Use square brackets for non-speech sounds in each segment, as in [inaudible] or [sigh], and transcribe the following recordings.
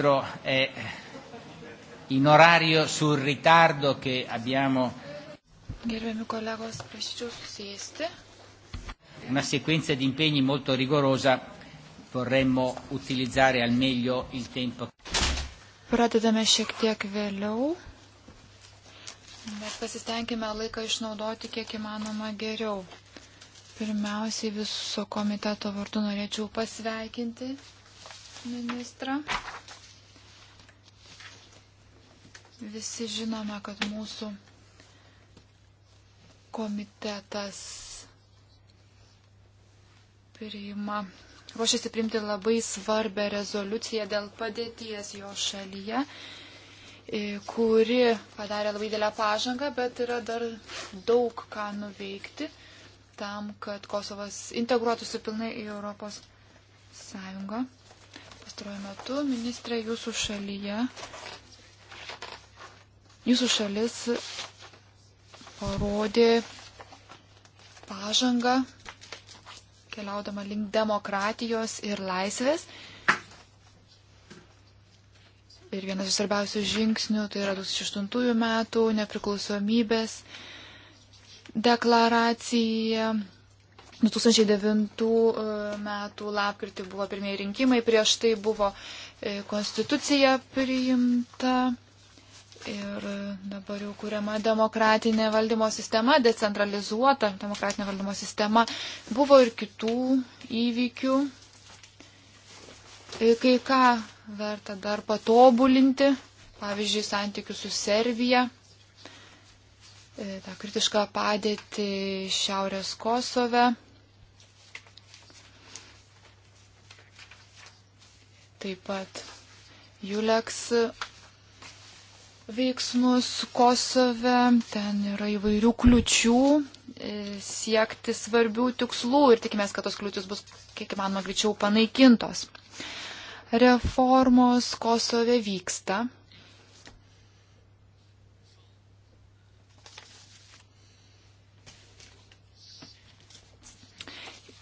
Ministro è in orario sul ritardo che abbiamo. Gerbiami kolegos, prašyčiau susėsti. Una sequenza di impegni molto rigorosa, vorremmo utilizzare al meglio il tempo. Pradedame šiek tiek vėliau, bet pasistengime laiką išnaudoti kiek įmanoma geriau. Pirmiausiai viso komiteto vardu norėčiau pasveikinti ministrą. Visi žinome, kad mūsų komitetas priima, ruošiasi priimti labai svarbę rezoliuciją dėl padėties jo šalyje, e, kuri padarė labai didelę pažangą, bet yra dar daug ką nuveikti tam, kad Kosovas integruotųsi pilnai į Europos Sąjungą. Pastaruoju metu, ministrė, jūsų šalyje Jūsų šalis parodė pažangą keliaudama link demokratijos ir laisvės. Ir vienas iš svarbiausių žingsnių tai yra 2008 metų nepriklausomybės deklaracija. 2009 metų lapkritį buvo pirmieji rinkimai, prieš tai buvo e, konstitucija priimta. Ir dabar jau kuriama demokratinė valdymo sistema, decentralizuota demokratinė valdymo sistema. Buvo ir kitų įvykių. E, kai ką verta dar patobulinti, pavyzdžiui, santykių su Serbija, e, tą kritišką padėtį Šiaurės Kosove. Taip pat Juleks veiksmus Kosove, ten yra įvairių kliučių e, siekti svarbių tikslų ir tikimės, kad tos kliūtis bus kiek įmanoma greičiau panaikintos. Reformos Kosove vyksta.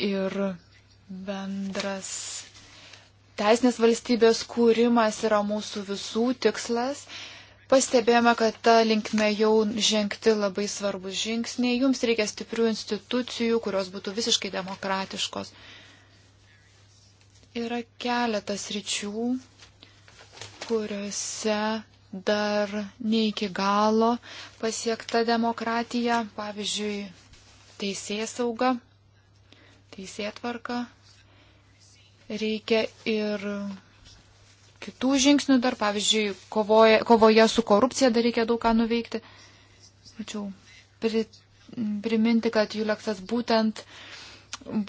ir bendras teisinės valstybės kūrimas yra mūsų visų tikslas. Pastebėjome, kad ta linkme jau žengti labai svarbus žingsniai. Jums reikia stiprių institucijų, kurios būtų visiškai demokratiškos. Yra keletas ryčių, kuriuose dar ne iki galo pasiekta demokratija, pavyzdžiui, teisėsauga, teisėtvarka. Reikia ir kitų žingsnių dar, pavyzdžiui, kovoje, kovoje su korupcija dar reikia daug ką nuveikti. Tačiau pri, priminti, kad Juleksas būtent,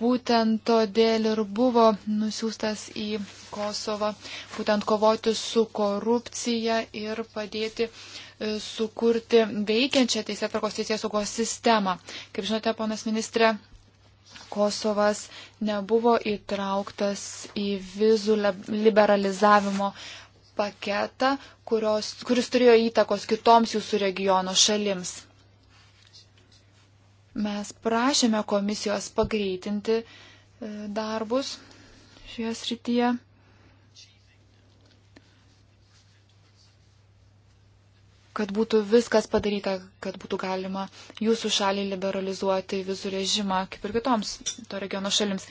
būtent todėl ir buvo nusiųstas į Kosovą, būtent kovoti su korupcija ir padėti e, sukurti veikiančią teisėtvarkos teisės saugos sistemą. Kaip žinote, ponas ministrė, Kosovas nebuvo įtrauktas į vizų liberalizavimo paketą, kurios, kuris turėjo įtakos kitoms jūsų regiono šalims. Mes prašėme komisijos pagreitinti e, darbus šioje srityje. kad būtų viskas padaryta, kad būtų galima jūsų šaliai liberalizuoti vizų režimą, kaip ir kitoms to regiono šalims.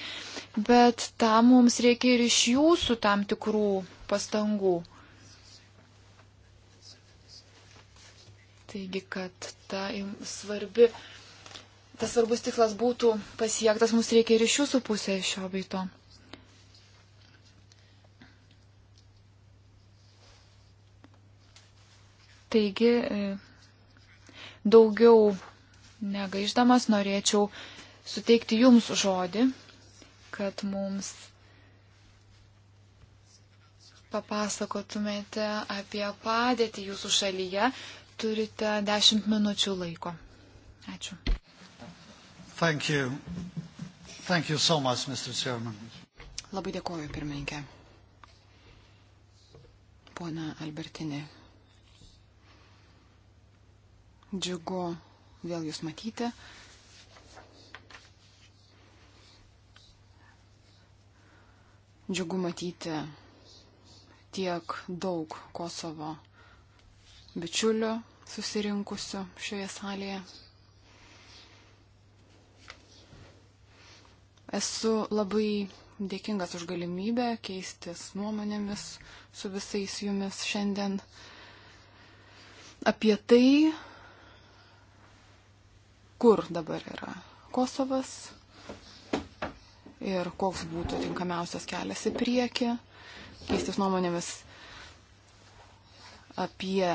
Bet tam mums reikia ir iš jūsų tam tikrų pastangų. Taigi, kad ta svarbi, tas svarbus tikslas būtų pasiektas, mums reikia ir iš jūsų pusės šio beito. Taigi, e, daugiau negaiždamas norėčiau suteikti Jums žodį, kad mums papasakotumėte apie padėtį Jūsų šalyje. Turite 10 minučių laiko. Ačiū. Thank you. Thank you so much, Mr. Chairman. Labai dėkoju, pirmininkė. Pona Albertinė, Džiugu vėl jūs matyti. Džiugu matyti tiek daug Kosovo bičiulių susirinkusių šioje salėje. Esu labai dėkingas už galimybę keistis nuomonėmis su visais jumis šiandien apie tai, kur dabar yra Kosovas ir koks būtų tinkamiausias kelias į priekį, keistis nuomonėmis apie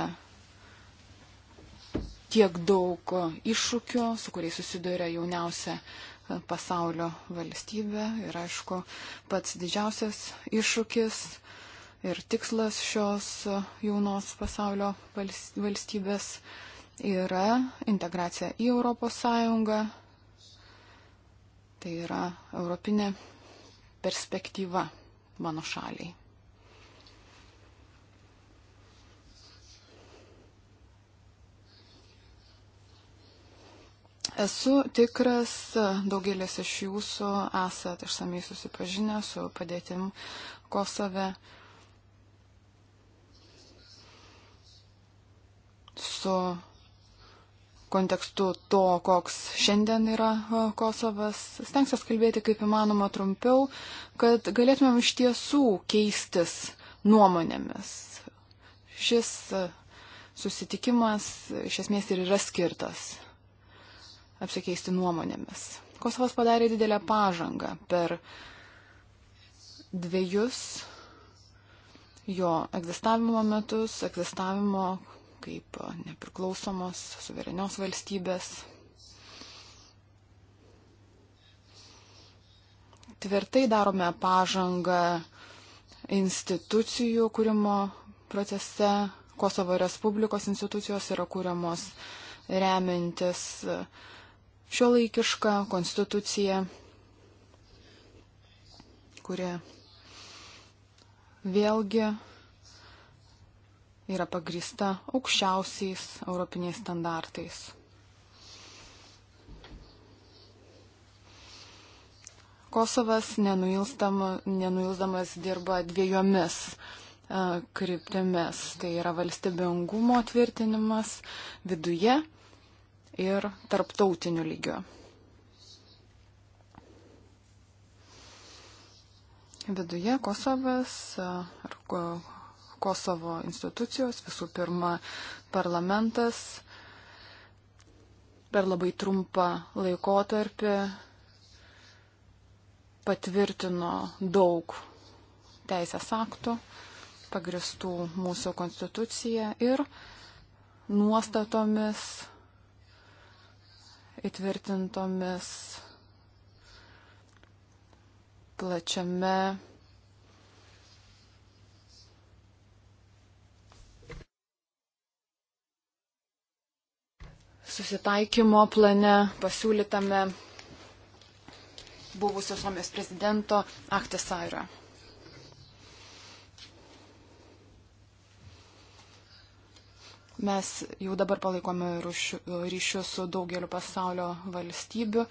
tiek daug iššūkių, su kuriais susiduria jauniausia pasaulio valstybė. Ir aišku, pats didžiausias iššūkis ir tikslas šios jaunos pasaulio valstybės yra integracija į ES, tai yra europinė perspektyva mano šaliai. Esu tikras, daugelis iš jūsų esat išsamei susipažinę su padėtim Kosove, su kontekstu to, koks šiandien yra e, Kosovas. Stengsiuosi kalbėti kaip įmanoma trumpiau, kad galėtumėm iš tiesų keistis nuomonėmis. Šis e, susitikimas iš esmės ir yra skirtas apsikeisti nuomonėmis. Kosovas padarė didelę pažangą per dviejus jo egzistavimo metus, egzistavimo kaip nepriklausomos, suverenios valstybės. Tvirtai darome pažangą institucijų kūrimo procese. Kosovo Respublikos institucijos yra kūriamos remintis šio laikišką konstituciją, kuri vėlgi yra pagrįsta aukščiausiais europiniais standartais. Kosovas nenuilsdamas dirba dviejomis e, kryptimis. Tai yra valstybingumo tvirtinimas viduje ir tarptautiniu lygiu. Viduje Kosovas e, ar Kosovo institucijos, visų pirma parlamentas, per labai trumpą laikotarpį patvirtino daug teisės aktų, pagristų mūsų konstituciją ir nuostatomis įtvirtintomis plačiame susitaikymo plane pasiūlytame buvusio Suomijos prezidento Aktesaira. Mes jau dabar palaikome ryšius su daugeliu pasaulio valstybių,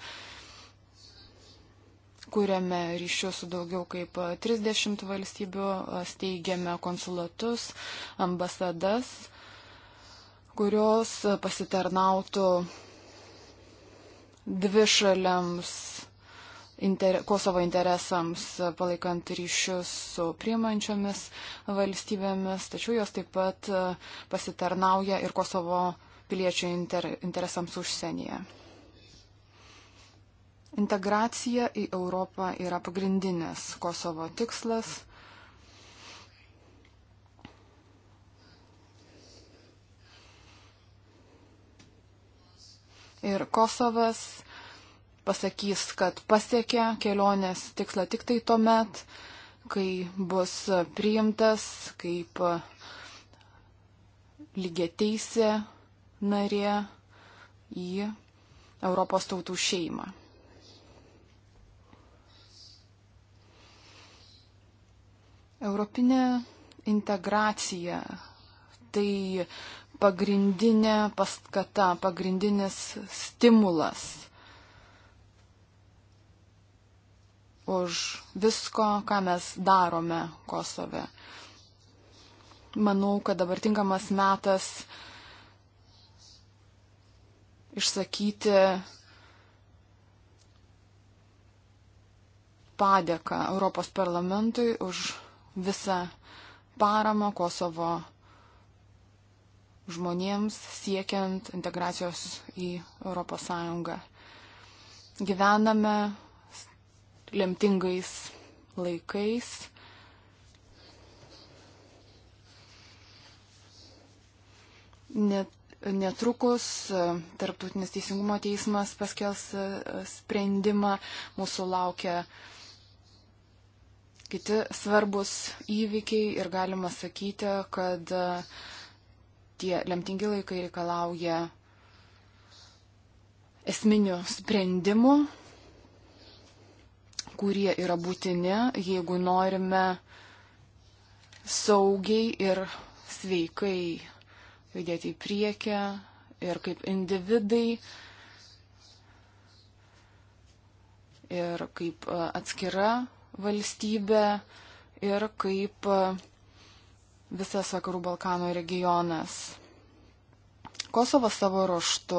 kuriame ryšius su daugiau kaip 30 valstybių, steigiame konsulatus, ambasadas kurios pasitarnautų dvišaliams inter, Kosovo interesams, palaikant ryšius su priimančiomis valstybėmis, tačiau jos taip pat pasitarnauja ir Kosovo piliečių inter, interesams užsienyje. Integracija į Europą yra pagrindinis Kosovo tikslas. ir Kosovas pasakys, kad pasiekė kelionės tikslą tik tai tuo met, kai bus priimtas kaip lygiateisė narė į Europos tautų šeimą. Europinė integracija tai pagrindinė paskata, pagrindinis stimulas už visko, ką mes darome Kosove. Manau, kad dabar tinkamas metas išsakyti padėką Europos parlamentui už visą paramą Kosovo žmonėms siekiant integracijos į ES. Gyvename lemtingais laikais. Net, netrukus e, Tarptautinis teisingumo teismas paskels e, sprendimą, mūsų laukia kiti svarbus įvykiai ir galima sakyti, kad uh, tie lemtingi laikai reikalauja esminių sprendimų, kurie yra būtini, jeigu norime saugiai ir sveikai judėti į priekį ir kaip individai, ir kaip e, atskira valstybė, ir kaip e, visas Vakarų Balkanų regionas. Kosovas savo ruoštu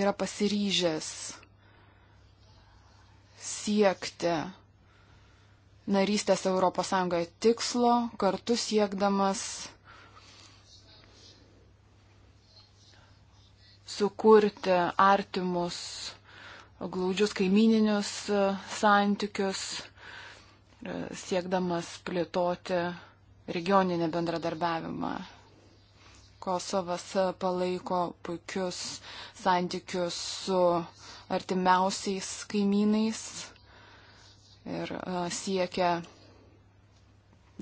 yra pasiryžęs siekti narystės ES tikslo, kartu siekdamas sukurti artimus, glaudžius kaimininius santykius E, siekdamas plėtoti regioninį bendradarbiavimą. Kosovas palaiko puikius santykius su artimiausiais kaimynais ir e, siekia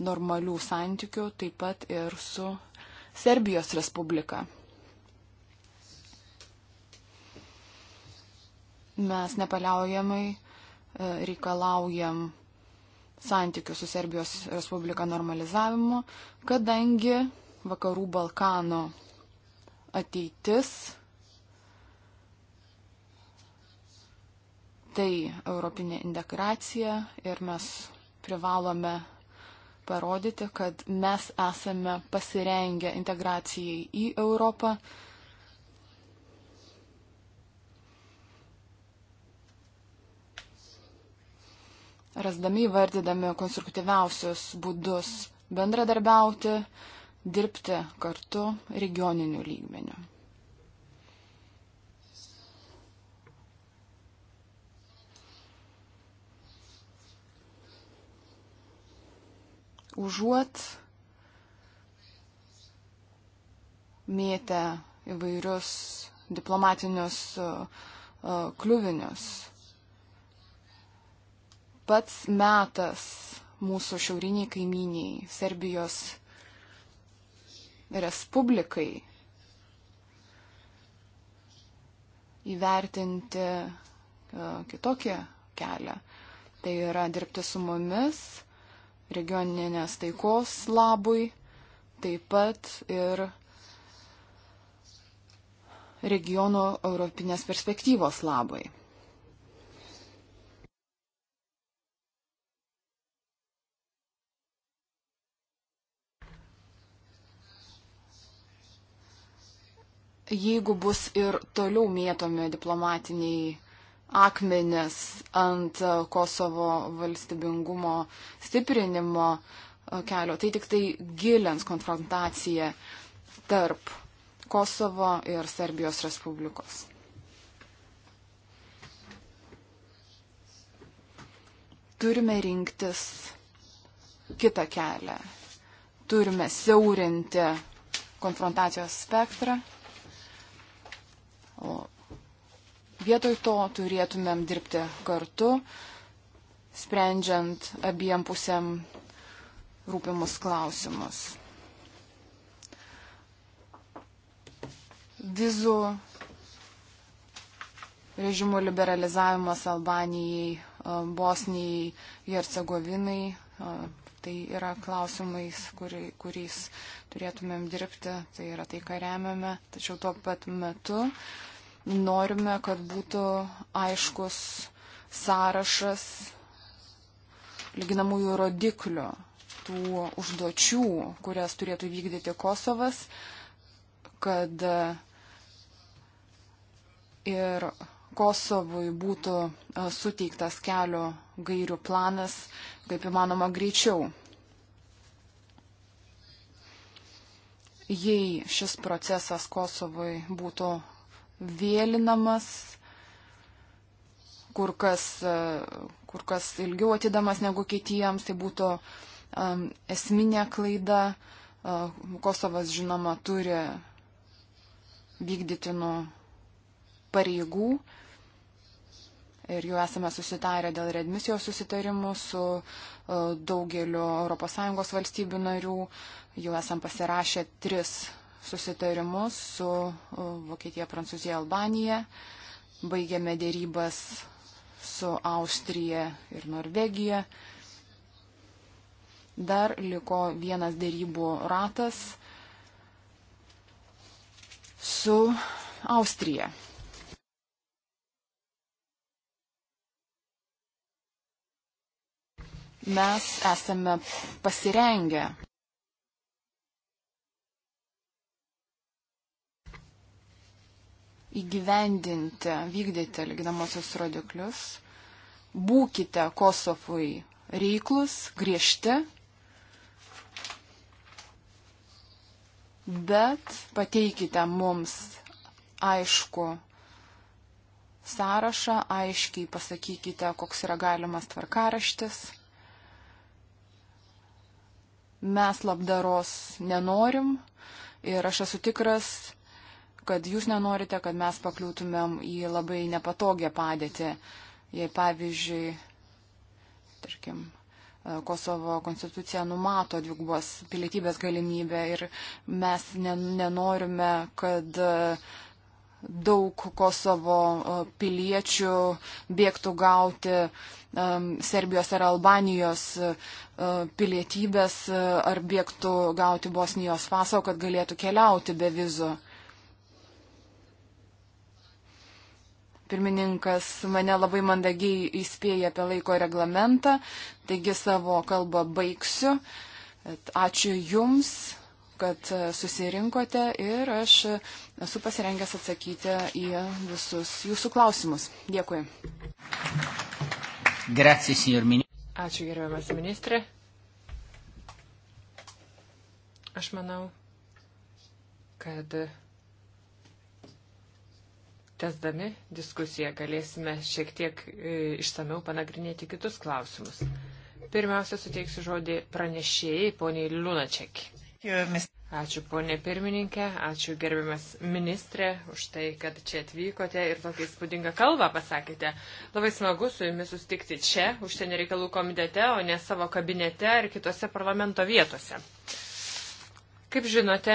normalių santykių taip pat ir su Serbijos Respublika. Mes nepaliaujamai e, reikalaujam santykių su Serbijos Respublika normalizavimu, kadangi vakarų Balkano ateitis tai europinė integracija ir mes privalome parodyti, kad mes esame pasirengę integracijai į Europą rasdami įvardydami konstruktyviausius būdus bendradarbiauti, dirbti kartu regioniniu lygmeniu. Užuot mėtę įvairius diplomatinius uh, uh, kliuvinius pats metas mūsų šiauriniai kaimyniai, Serbijos Respublikai, įvertinti e, kitokį kelią. Tai yra dirbti su mumis, regioninės taikos labui, taip pat ir regiono europinės perspektyvos labai. jeigu bus ir toliau mėtomi diplomatiniai akmenis ant Kosovo valstybingumo stiprinimo e, kelio, tai tik tai gilins konfrontaciją tarp Kosovo ir Serbijos Respublikos. Turime rinktis kitą kelią. Turime siaurinti konfrontacijos spektrą O vietoj to turėtumėm dirbti kartu, sprendžiant abiem pusėm rūpimus klausimus. Vizų režimo liberalizavimas Albanijai, e, Bosnijai, Hercegovinai. E, tai yra klausimais, kuri, kuriais turėtumėm dirbti, tai yra tai, ką remiame. Tačiau tuo pat metu uh, norime, kad būtų aiškus sąrašas lyginamųjų rodiklių tų užduočių, kurias turėtų vykdyti Kosovas, kad ir Kosovui būtų e, suteiktas kelio gairių planas kaip įmanoma greičiau. Jei šis procesas Kosovui būtų vėlinamas, kur kas, e, kur kas ilgiau atidamas negu kitiems, tai būtų um, esminė klaida. Uh, Kosovas, žinoma, turi vykdytinų pareigų ir jau esame susitarę dėl redmisijos susitarimų su e, daugeliu ES valstybių narių, jau esam pasirašę tris susitarimus su Vokietija, Prancūzija, Albanija. Baigėme dėrybas su Austrija ir Norvegija. Dar liko vienas dėrybų ratas su Austrija. mes esame pasirengę įgyvendinti, vykdyti lyginamosios rodiklius. Būkite Kosovui reiklus, griežti, bet pateikite mums aišku sąrašą, aiškiai pasakykite, koks yra galimas tvarkaraštis. Mes labdaros nenorim ir aš esu tikras, kad jūs nenorite, kad mes pakliūtumėm į labai nepatogią padėtį. Jei pavyzdžiui, tarkim, e, Kosovo konstitucija numato dvigubos pilietybės galimybę ir mes nenorime, kad e, daug Kosovo e, piliečių bėgtų gauti Serbijos ar Albanijos pilietybės ar bėgtų gauti Bosnijos paso, kad galėtų keliauti be vizų. Pirmininkas mane labai mandagiai įspėja apie laiko reglamentą, taigi savo kalbą baigsiu. Ačiū Jums, kad susirinkote ir aš esu pasirengęs atsakyti į visus Jūsų klausimus. Dėkui. Grazie, Ačiū gerbiamas ministrė. Aš manau, kad Tesdami diskusiją galėsime šiek tiek e, išsameu panagrinėti kitus klausimus. Pirmiausia, suteiksiu žodį pranešėjai, poniai Lunaček. Ačiū, ponė pirmininkė, ačiū gerbiamas ministrė už tai, kad čia atvykote ir tokį įspūdingą kalbą pasakėte. Labai smagu su jumis sustikti čia, užsienio reikalų komitete, o ne savo kabinete ar kitose parlamento vietose. Kaip žinote,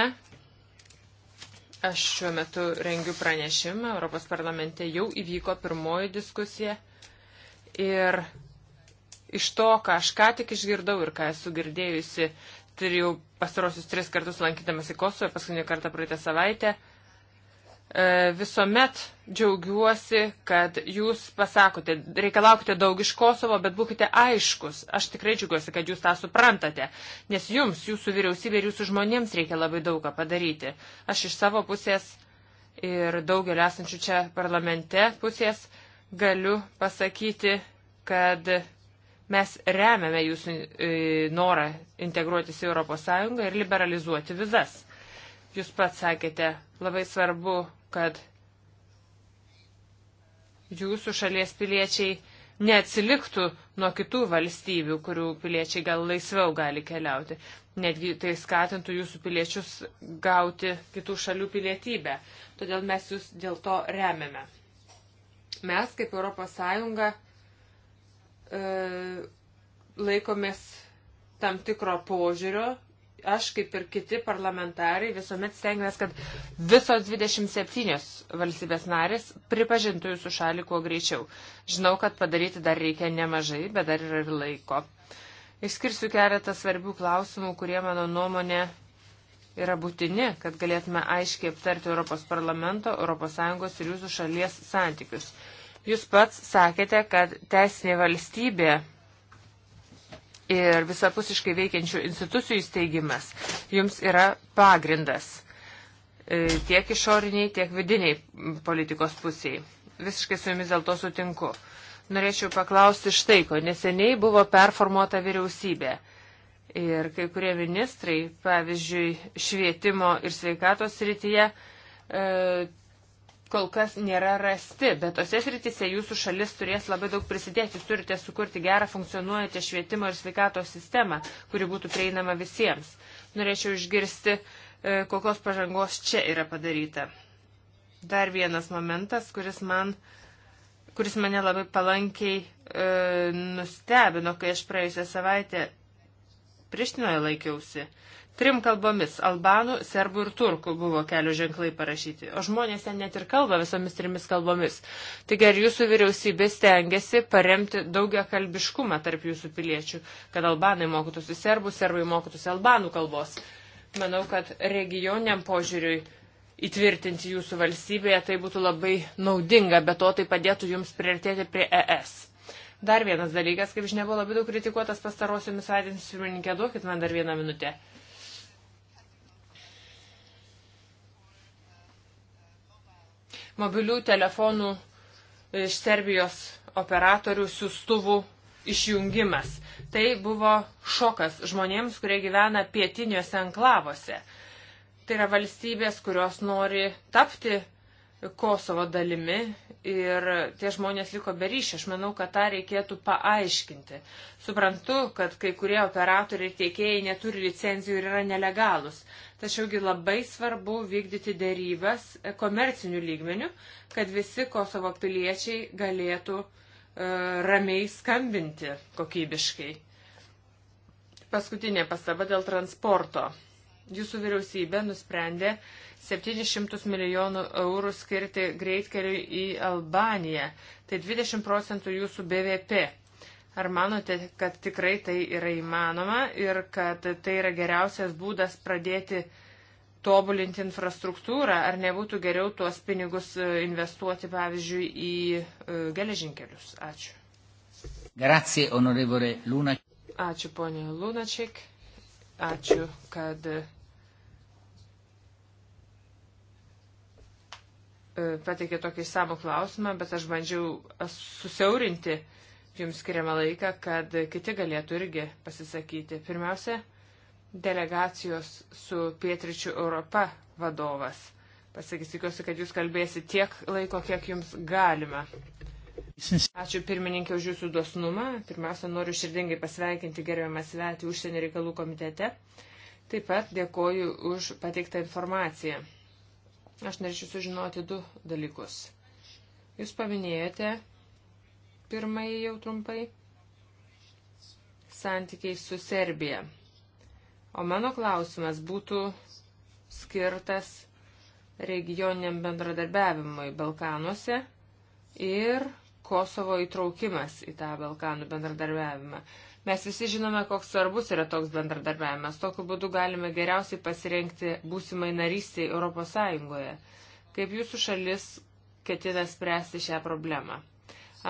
Aš šiuo metu rengiu pranešimą, Europos parlamente jau įvyko pirmoji diskusija ir iš to, ką aš ką tik išgirdau ir ką esu girdėjusi, tai jau pastarosius tris kartus lankydamasi Kosovoje, paskutinį kartą praeitą savaitę, uh, E, visuomet džiaugiuosi, kad jūs pasakote, reikalaukite daug iš Kosovo, bet būkite aiškus. Aš tikrai džiaugiuosi, kad jūs tą suprantate, nes jums, jūsų vyriausybė ir jūsų žmonėms reikia labai daugą padaryti. Aš iš savo pusės ir daugelio esančių čia parlamente pusės galiu pasakyti, kad mes remiame jūsų e, norą integruotis į ES ir liberalizuoti vizas. Jūs pats sakėte, labai svarbu, kad jūsų šalies piliečiai neatsiliktų nuo kitų valstybių, kurių piliečiai gal laisviau gali keliauti. Netgi tai skatintų jūsų piliečius gauti kitų šalių pilietybę. Todėl mes jūs dėl to remiame. Mes kaip ES e, laikomės tam tikro požiūrio aš, kaip ir kiti parlamentarai, visuomet stengiamės, kad visos 27 valstybės narės pripažintų jūsų šalį kuo greičiau. Žinau, kad padaryti dar reikia nemažai, bet dar yra ir laiko. Išskirsiu keletą svarbių klausimų, kurie mano nuomonė yra būtini, kad galėtume aiškiai aptarti Europos parlamento, ES ir jūsų šalies santykius. Jūs pats sakėte, kad teisinė valstybė ir visapusiškai veikiančių institucijų įsteigimas jums yra pagrindas e, tiek išoriniai, tiek vidiniai politikos pusiai. Visiškai su jumis dėl to sutinku. Norėčiau paklausti štai ko. Neseniai buvo performuota vyriausybė. Ir kai kurie ministrai, pavyzdžiui, švietimo ir sveikatos srityje, e, kol kas nėra rasti, bet tose sritise jūsų šalis turės labai daug prisidėti. Jūs turite sukurti gerą funkcionuojančią švietimo ir sveikatos sistemą, kuri būtų prieinama visiems. Norėčiau išgirsti, e, kokios pažangos čia yra padaryta. Dar vienas momentas, kuris, man, kuris mane labai palankiai e, nustebino, kai aš praėjusią savaitę Prištinoje laikiausi. Trim kalbomis - albanų, serbų ir turkų buvo kelių ženklai parašyti, o žmonės ten net ir kalba visomis trimis kalbomis. Taigi ar jūsų vyriausybė stengiasi paremti daugia kalbiškumą tarp jūsų piliečių, kad albanai mokytųsi serbų, serbai mokytųsi albanų kalbos? Manau, kad regioniam požiūriui įtvirtinti jūsų valstybėje tai būtų labai naudinga, bet to tai padėtų jums priartėti prie ES. Dar vienas dalykas, kaip žinia, buvo labai daug kritikuotas pastarosiomis savaitėmis, pirmininkė, duokit man dar vieną minutę. Uh, mobilių telefonų iš Serbijos operatorių siūstuvų išjungimas. Tai buvo šokas žmonėms, kurie gyvena pietiniuose enklavose. Tai yra valstybės, kurios nori tapti Kosovo dalimi ir tie žmonės liko be ryšio. Aš manau, kad tą reikėtų paaiškinti. Suprantu, kad kai kurie operatoriai ir tiekėjai neturi licenzijų ir yra nelegalus. Tačiaugi labai svarbu vykdyti dėrybas komercinių lygmenių, kad visi Kosovo piliečiai galėtų e, ramiai skambinti kokybiškai. Paskutinė pastaba dėl transporto jūsų vyriausybė nusprendė 700 milijonų eurų skirti greitkeliui į Albaniją. Tai 20 procentų jūsų BVP. Ar manote, kad tikrai tai yra įmanoma ir kad tai yra geriausias būdas pradėti tobulinti infrastruktūrą, ar nebūtų geriau tuos pinigus e, investuoti, pavyzdžiui, į e, geležinkelius? Ačiū. Grazie, onorevole Luna. Ačiū, ponė Lunačik. Ačiū, kad pateikė tokį savo klausimą, bet aš bandžiau susiaurinti jums skiriamą laiką, kad kiti galėtų irgi pasisakyti. Pirmiausia, delegacijos su Pietričių Europa vadovas. Pasakysiu, kad jūs kalbėsite tiek laiko, kiek jums galima. Ačiū pirmininkė už jūsų dosnumą. Pirmiausia, noriu širdingai pasveikinti gerbiamą svetį užsienio reikalų komitete. Taip pat dėkoju už pateiktą informaciją. Aš norėčiau sužinoti du dalykus. Jūs paminėjote pirmąjį jau trumpai santykiai su Serbija. O mano klausimas būtų skirtas regioniniam bendradarbiavimui Balkanuose ir Kosovo įtraukimas į tą Balkanų bendradarbiavimą. Mes visi žinome, koks svarbus yra toks bendradarbiavimas. Tokiu būdu galime geriausiai pasirengti būsimai narystiai Europos Sąjungoje. Kaip jūsų šalis ketina spręsti šią problemą?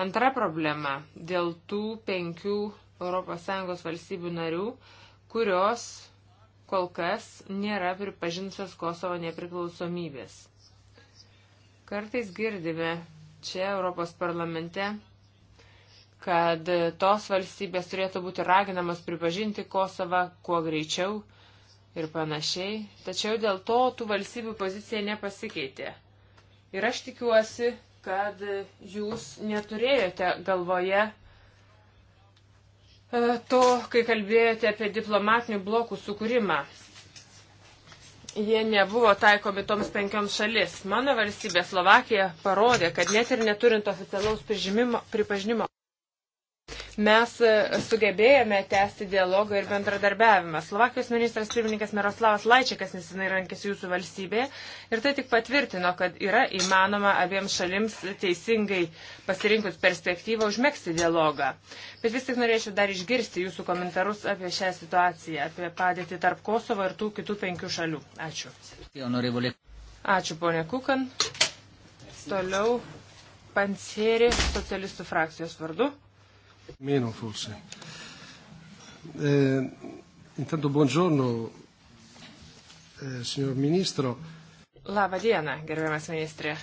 Antra problema - dėl tų penkių ES valstybių narių, kurios kol kas nėra pripažinusios Kosovo nepriklausomybės. Kartais girdime čia Europos parlamente, kad tos valstybės turėtų būti raginamas pripažinti Kosovą kuo greičiau ir panašiai. Tačiau dėl to tų valstybių pozicija nepasikeitė. Ir aš tikiuosi, kad jūs neturėjote galvoje e, to, kai kalbėjote apie diplomatinių blokų sukūrimą jie nebuvo taikomi toms penkioms šalis. Mano valstybė Slovakija parodė, kad net ir neturint oficialaus pripažinimo, Mes e, sugebėjome tęsti dialogą ir bendradarbiavimą. Slovakijos ministras pirmininkas Miroslavas Laičiakas nesinai rankėsi jūsų valstybėje ir tai tik patvirtino, kad yra įmanoma abiems šalims teisingai pasirinkus perspektyvą užmėgsti dialogą. Bet vis tik norėčiau dar išgirsti jūsų komentarus apie šią situaciją, apie padėtį tarp Kosovo ir tų kitų penkių šalių. Ačiū. Ačiū, ponė Kukan. Toliau Pansėri socialistų frakcijos vardu. Meno forse. Eh, intanto buongiorno, eh, signor ministro. Labą dieną, gerbiamas ministrė.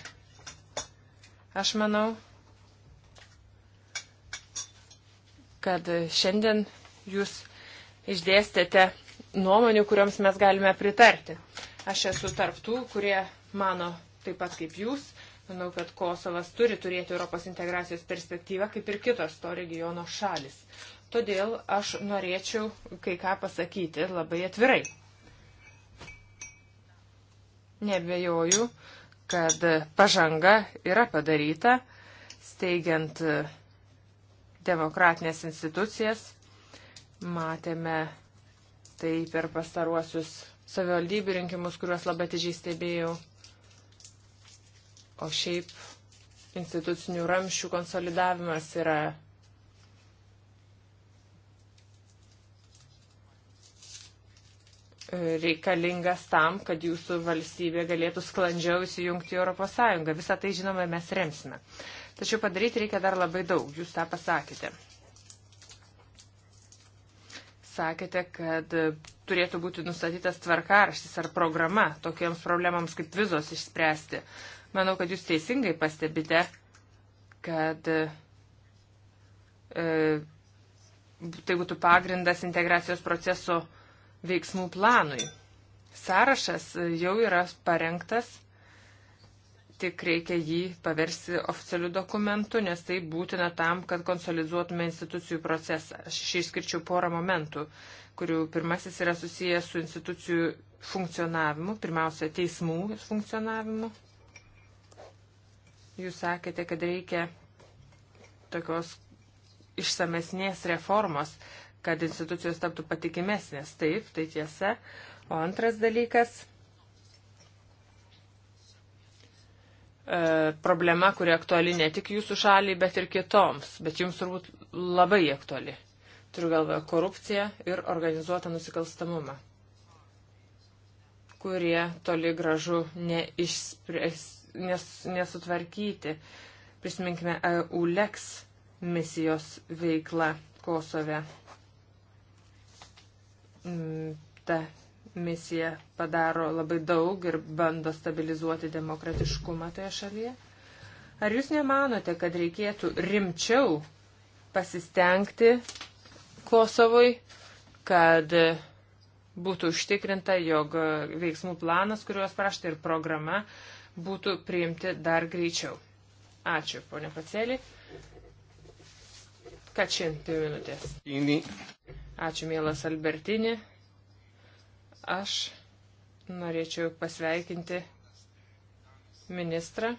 Aš manau, kad šiandien jūs išdėstėte nuomonių, kuriuoms mes galime pritarti. Aš esu tarptų, kurie mano taip pat kaip jūs, Manau, kad Kosovas turi turėti Europos integracijos perspektyvą, kaip ir kitos to regiono šalis. Todėl aš norėčiau kai ką pasakyti labai atvirai. Nebejoju, kad pažanga yra padaryta, steigiant demokratinės institucijas. Matėme tai per pastaruosius savivaldybių rinkimus, kuriuos labai atidžiai stebėjau. O šiaip institucinių ramščių konsolidavimas yra reikalingas tam, kad jūsų valstybė galėtų sklandžiau įsijungti į Europos Sąjungą. Visą tai, žinoma, mes remsime. Tačiau padaryti reikia dar labai daug, jūs tą pasakėte. Sakėte, kad turėtų būti nustatytas tvarkaraštis ar programa tokiems problemams kaip vizos išspręsti. Uh, Manau, kad jūs teisingai pastebite, kad e, e, tai būtų pagrindas integracijos proceso veiksmų planui. Sąrašas e, jau yra parengtas, tik reikia jį paversti oficialiu dokumentu, nes tai būtina tam, kad konsolizuotume institucijų procesą. Aš išskirčiau porą momentų, kurių pirmasis yra susijęs su institucijų funkcionavimu, pirmiausia, teismų funkcionavimu, Jūs sakėte, kad reikia tokios išsamesnės reformos, kad institucijos taptų patikimesnės. Taip, tai tiesa. O antras dalykas. E, problema, kuri aktuali ne tik jūsų šaliai, bet ir kitoms, bet jums turbūt labai aktuali. Turiu galvoje korupciją ir organizuotą nusikalstamumą, kurie toli gražu neišspręs, nes, nesutvarkyti. Prisiminkime e, ULEX misijos veiklą Kosove. Mm, ta misija padaro labai daug ir bando stabilizuoti demokratiškumą toje šalyje. Ar jūs nemanote, kad reikėtų rimčiau pasistengti Kosovui, kad būtų užtikrinta, jog veiksmų planas, kuriuos prašta ir programa, būtų priimti dar greičiau. Ačiū, ponė Pacelį. Kačin, dvi minutės. Ini. Ačiū, mielas Albertini. Aš norėčiau pasveikinti ministrą.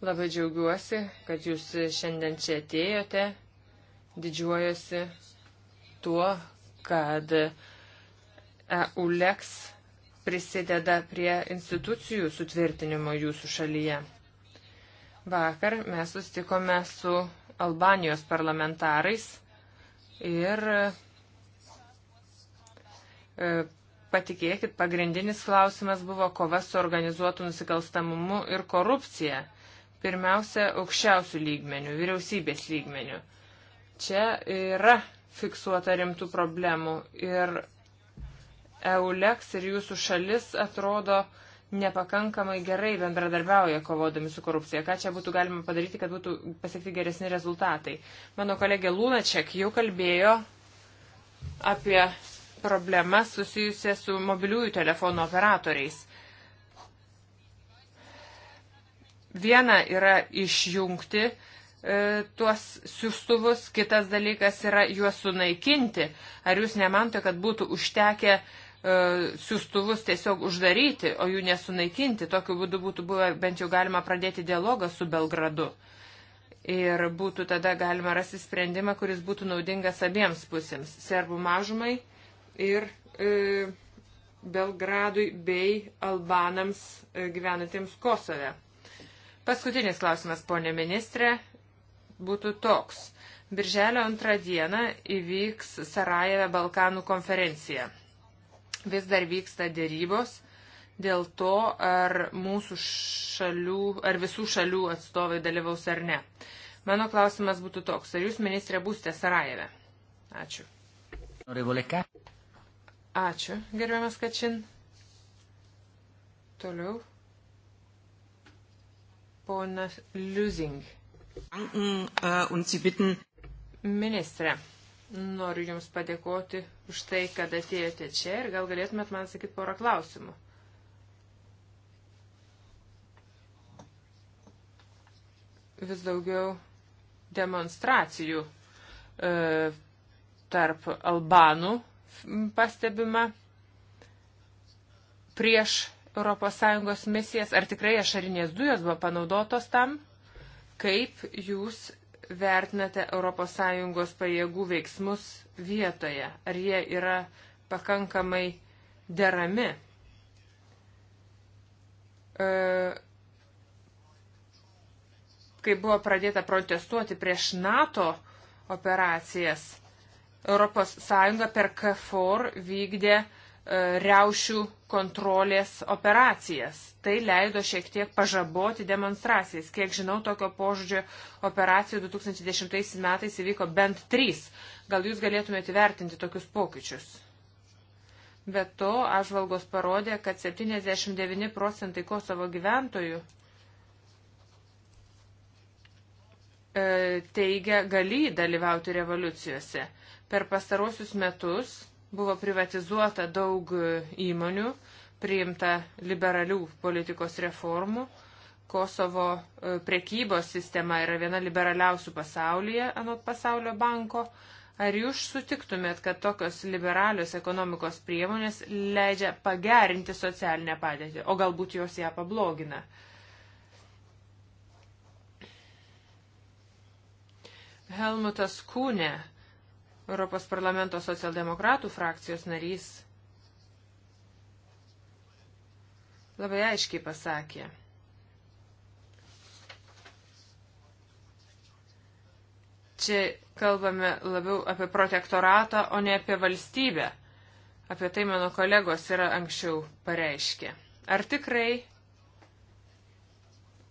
Labai džiaugiuosi, kad jūs šiandien čia atėjote. Didžiuojuosi tuo, kad EULEX prisideda prie institucijų sutvirtinimo jūsų šalyje. Vakar mes sustikome su Albanijos parlamentarais ir e, patikėkit, pagrindinis klausimas buvo kova su organizuotu nusikalstamumu ir korupcija. Pirmiausia, aukščiausių lygmenių, vyriausybės lygmenių. Čia yra fiksuota rimtų problemų ir EULEX ir jūsų šalis atrodo nepakankamai gerai bendradarbiauja kovodami su korupcija. Ką čia būtų galima padaryti, kad būtų pasiekti geresni rezultatai? Mano kolegė Lunaček jau kalbėjo apie problemas susijusias su mobiliųjų telefonų operatoriais. Viena yra išjungti e, tuos siustuvus, kitas dalykas yra juos sunaikinti. Ar jūs nemanote, kad būtų užtekę E, siūstuvus tiesiog uždaryti, o jų nesunaikinti. Tokiu būdu būtų buvę bent jau galima pradėti dialogą su Belgradu. Ir būtų tada galima rasti sprendimą, kuris būtų naudingas abiems pusėms - serbų mažumai ir e, Belgradui bei albanams e, gyvenantiems Kosove. Paskutinis klausimas, ponė ministrė, būtų toks. Birželio antrą dieną įvyks Sarajeve Balkanų konferencija vis dar vyksta dėrybos dėl to, ar mūsų šalių, ar visų šalių atstovai dalyvaus ar ne. Mano klausimas būtų toks, ar jūs, ministrė, būsite Sarajeve? Ačiū. Ačiū, gerbiamas Kačin. Toliau. Ponas Liuzing. Äh, ministrė. Noriu Jums padėkoti už tai, kad atėjote čia ir gal galėtumėt man sakyti porą klausimų. Vis daugiau demonstracijų e, tarp albanų pastebima prieš ES misijas. Ar tikrai ašarinės dujos buvo panaudotos tam? Kaip Jūs vertinate ES pajėgų veiksmus vietoje? Ar jie yra pakankamai derami? E, kai buvo pradėta protestuoti prieš NATO operacijas, ES per KFOR vykdė e, riaušių kontrolės operacijas. Tai leido šiek tiek pažaboti demonstracijas. Kiek žinau, tokio požodžio operacijų 2010 metais įvyko bent trys. Gal jūs galėtumėte vertinti tokius pokyčius? Be to, apžvalgos parodė, kad 79 procentai Kosovo gyventojų e, teigia galį dalyvauti revoliucijose. Per pastarosius metus Buvo privatizuota daug įmonių, priimta liberalių politikos reformų. Kosovo e, prekybos sistema yra viena liberaliausių pasaulyje, anot pasaulio banko. Ar jūs sutiktumėt, kad tokios liberalios ekonomikos priemonės leidžia pagerinti socialinę padėtį, o galbūt jos ją pablogina? Helmutas Kūne Europos parlamento socialdemokratų frakcijos narys labai aiškiai pasakė. Čia kalbame labiau apie protektoratą, o ne apie valstybę. Apie tai mano kolegos yra anksčiau pareiškę. Ar tikrai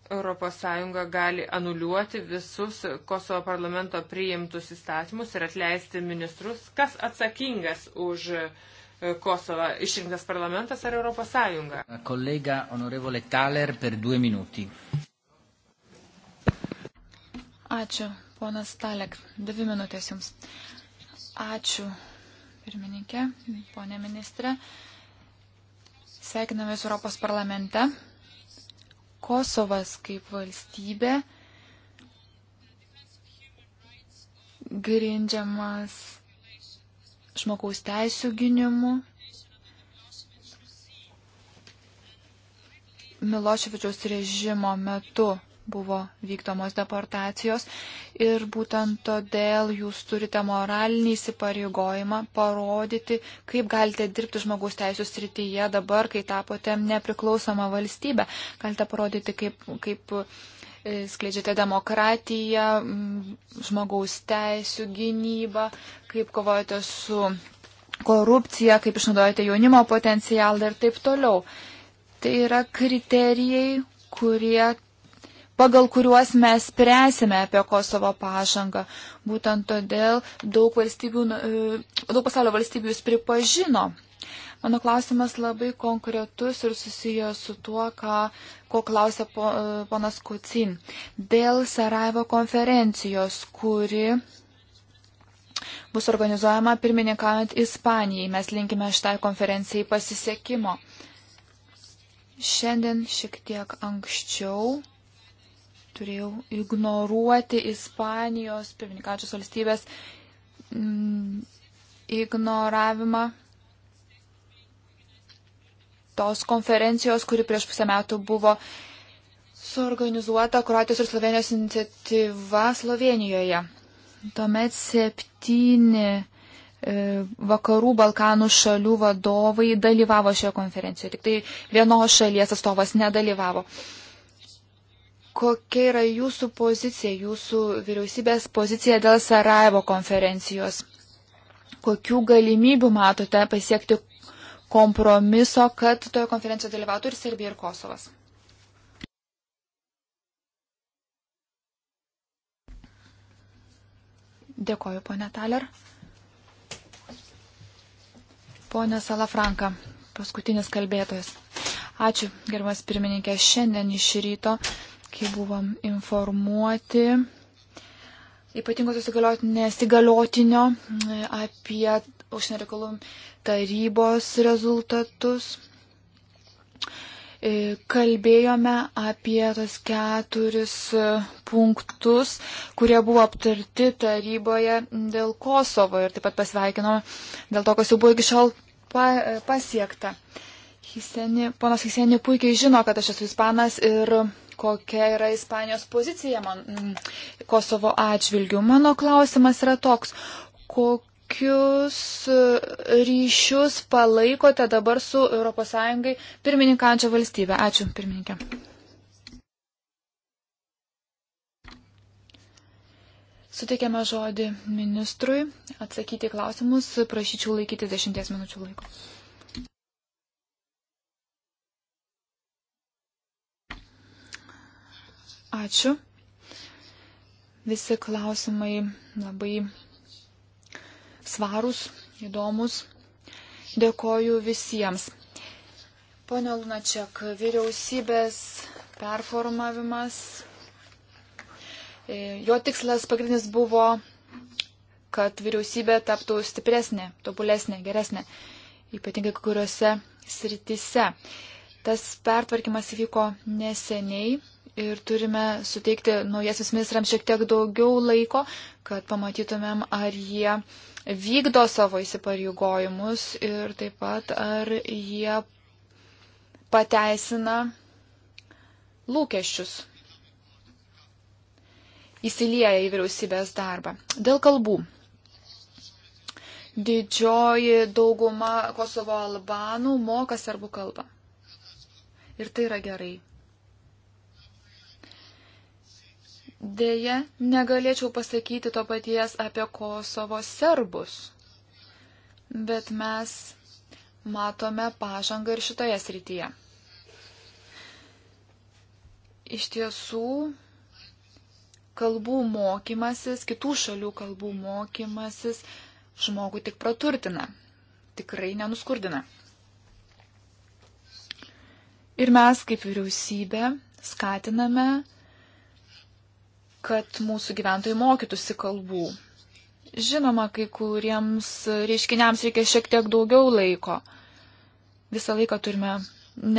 ES gali anuliuoti visus Kosovo parlamento priimtus įstatymus ir atleisti ministrus. Kas atsakingas už e, Kosovą? Išrinktas parlamentas ar ES? Kolega honorevole Taler per du minutį. Ačiū, ponas Talek. Dvi minutės jums. Ačiū, pirmininkė, ponė ministrė. Sveikiname Europos parlamente. Kosovas kaip valstybė grindžiamas žmogaus teisų gynimu. Miloševičiaus režimo metu buvo vykdomos deportacijos ir būtent todėl jūs turite moralinį įsipareigojimą parodyti, kaip galite dirbti žmogaus teisų srityje dabar, kai tapote nepriklausoma valstybė. Galite parodyti, kaip, kaip e, skleidžiate demokratiją, žmogaus teisų gynybą, kaip kovojate su korupcija, kaip išnaudojate jaunimo potencialą ir taip toliau. Tai yra kriterijai, kurie pagal kuriuos mes spręsime apie Kosovo pažangą. Būtent todėl daug, e, daug pasaulio valstybių jūs pripažino. Mano klausimas labai konkretus ir susijęs su tuo, ką, ko klausė po, e, ponas Kucin. Dėl Sarajevo konferencijos, kuri bus organizuojama pirmininkaujant Ispanijai. Mes linkime šitai konferencijai pasisekimo. Šiandien šiek tiek anksčiau turėjau ignoruoti Ispanijos pirmininkačios valstybės m, mm, ignoravimą tos konferencijos, kuri prieš pusę metų buvo suorganizuota Kroatijos ir Slovenijos iniciatyva Slovenijoje. Tuomet septyni e, vakarų Balkanų šalių vadovai dalyvavo šioje konferencijoje, tik tai vienos šalies atstovas nedalyvavo. Uh, kokia yra jūsų pozicija, jūsų vyriausybės pozicija dėl Sarajevo konferencijos? Kokių galimybių matote pasiekti kompromiso, kad toje konferencijoje dalyvautų ir Serbija, ir Kosovas? Dėkoju, ponė Taler. Pone Salafranka, paskutinis kalbėtojas. Ačiū, gerbiamas pirmininkė. Šiandien iš ryto kai buvom informuoti ypatingos įsigaliotinio e, apie užsienio reikalų tarybos rezultatus. E, kalbėjome apie tos keturis punktus, kurie buvo aptarti taryboje dėl Kosovo ir taip pat pasveikinome dėl to, kas jau buvo iki šiol pa pasiekta. Hiseni, ponas Hiseni puikiai žino, kad aš esu ispanas ir kokia yra Ispanijos pozicija man, mm, Kosovo atžvilgių. Mano klausimas yra toks, kokius e, ryšius palaikote dabar su ES pirmininkančia valstybė? Ačiū, pirmininkė. Suteikiame žodį ministrui atsakyti klausimus. Prašyčiau laikyti dešimties minučių laiko. Ačiū. Visi klausimai labai svarūs, įdomus. Dėkoju visiems. Pone Lunačiak, vyriausybės performavimas. Jo tikslas pagrindinis buvo, kad vyriausybė taptų stipresnė, tobulesnė, geresnė, ypatingai kuriuose sritise. Tas pertvarkymas įvyko neseniai, ir turime suteikti naujasis ministrams šiek tiek daugiau laiko, kad pamatytumėm, ar jie vykdo savo įsipareigojimus ir taip pat ar jie pateisina lūkesčius, įsilieja į vyriausybės darbą. Dėl kalbų. Didžioji dauguma Kosovo albanų moka serbų kalbą. Ir tai yra gerai. Deja, negalėčiau pasakyti to paties apie Kosovo serbus, bet mes matome pažangą ir šitoje srityje. Iš tiesų, kalbų mokymasis, kitų šalių kalbų mokymasis žmogų tik praturtina, tikrai nenuskurdina. Ir mes kaip vyriausybė skatiname kad mūsų gyventojai mokytųsi kalbų. Žinoma, kai kuriems reiškiniams reikia šiek tiek daugiau laiko. Visą laiką turime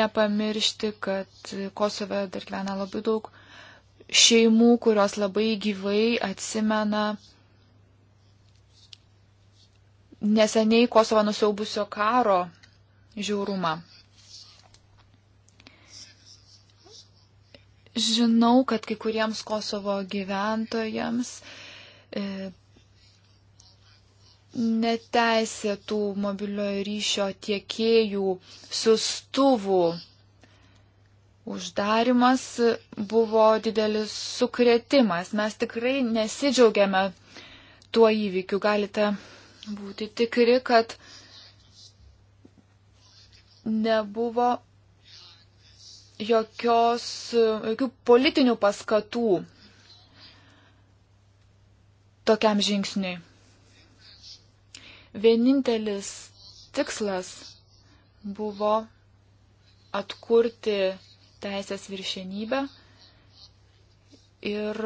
nepamiršti, kad Kosove dar gyvena labai daug šeimų, kurios labai gyvai atsimena neseniai Kosovo nusiaubusio karo žiaurumą. Žinau, kad kai kuriems Kosovo gyventojams e, neteisėtų mobiliojo ryšio tiekėjų sustuvų uždarimas buvo didelis sukretimas. Mes tikrai nesidžiaugiame tuo įvykiu. Galite būti tikri, kad nebuvo jokios, jokių politinių paskatų tokiam žingsniui. Vienintelis tikslas buvo atkurti teisės viršenybę ir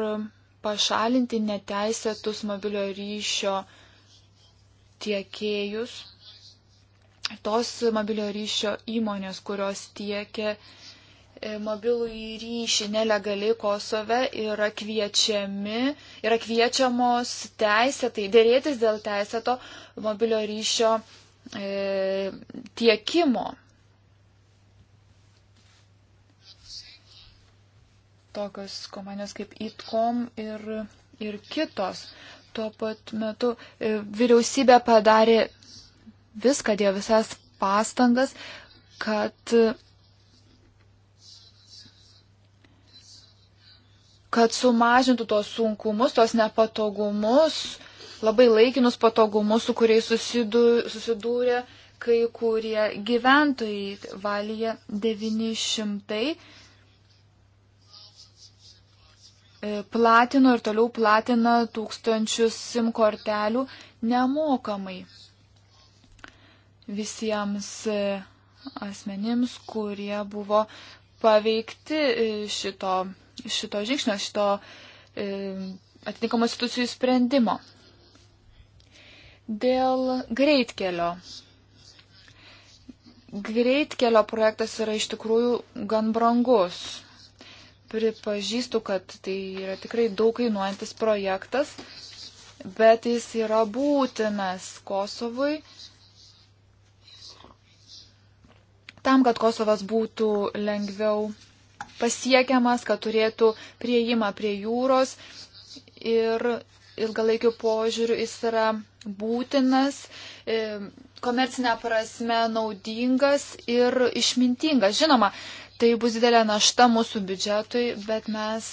pašalinti neteisėtus mobilio ryšio tiekėjus, tos mobilio ryšio įmonės, kurios tiekia E, mobilų į ryšį nelegaliai Kosove yra kviečiami, yra kviečiamos teisėtai, dėrėtis dėl teisėto mobilio ryšio e, tiekimo. Tokios kompanijos kaip ITCOM ir, ir kitos. Tuo pat metu e, vyriausybė padarė viską, dėjo visas pastangas, kad e, kad sumažintų tos sunkumus, tos nepatogumus, labai laikinus patogumus, su kuriais susidūrė kai kurie gyventojai valyje 900 e, platino ir toliau platina tūkstančius sim kortelių nemokamai visiems e, asmenims, kurie buvo paveikti e, šito šito žingsnio, šito e, atitinkamo institucijų sprendimo. Dėl greitkelio. Greitkelio projektas yra iš tikrųjų gan brangus. Pripažįstu, kad tai yra tikrai daug kainuojantis projektas, bet jis yra būtinas Kosovui tam, kad Kosovas būtų lengviau pasiekiamas, kad turėtų prieimą prie jūros ir ilgalaikiu požiūriu jis yra būtinas, e, komercinė prasme naudingas ir išmintingas. Žinoma, tai bus didelė našta mūsų biudžetui, bet mes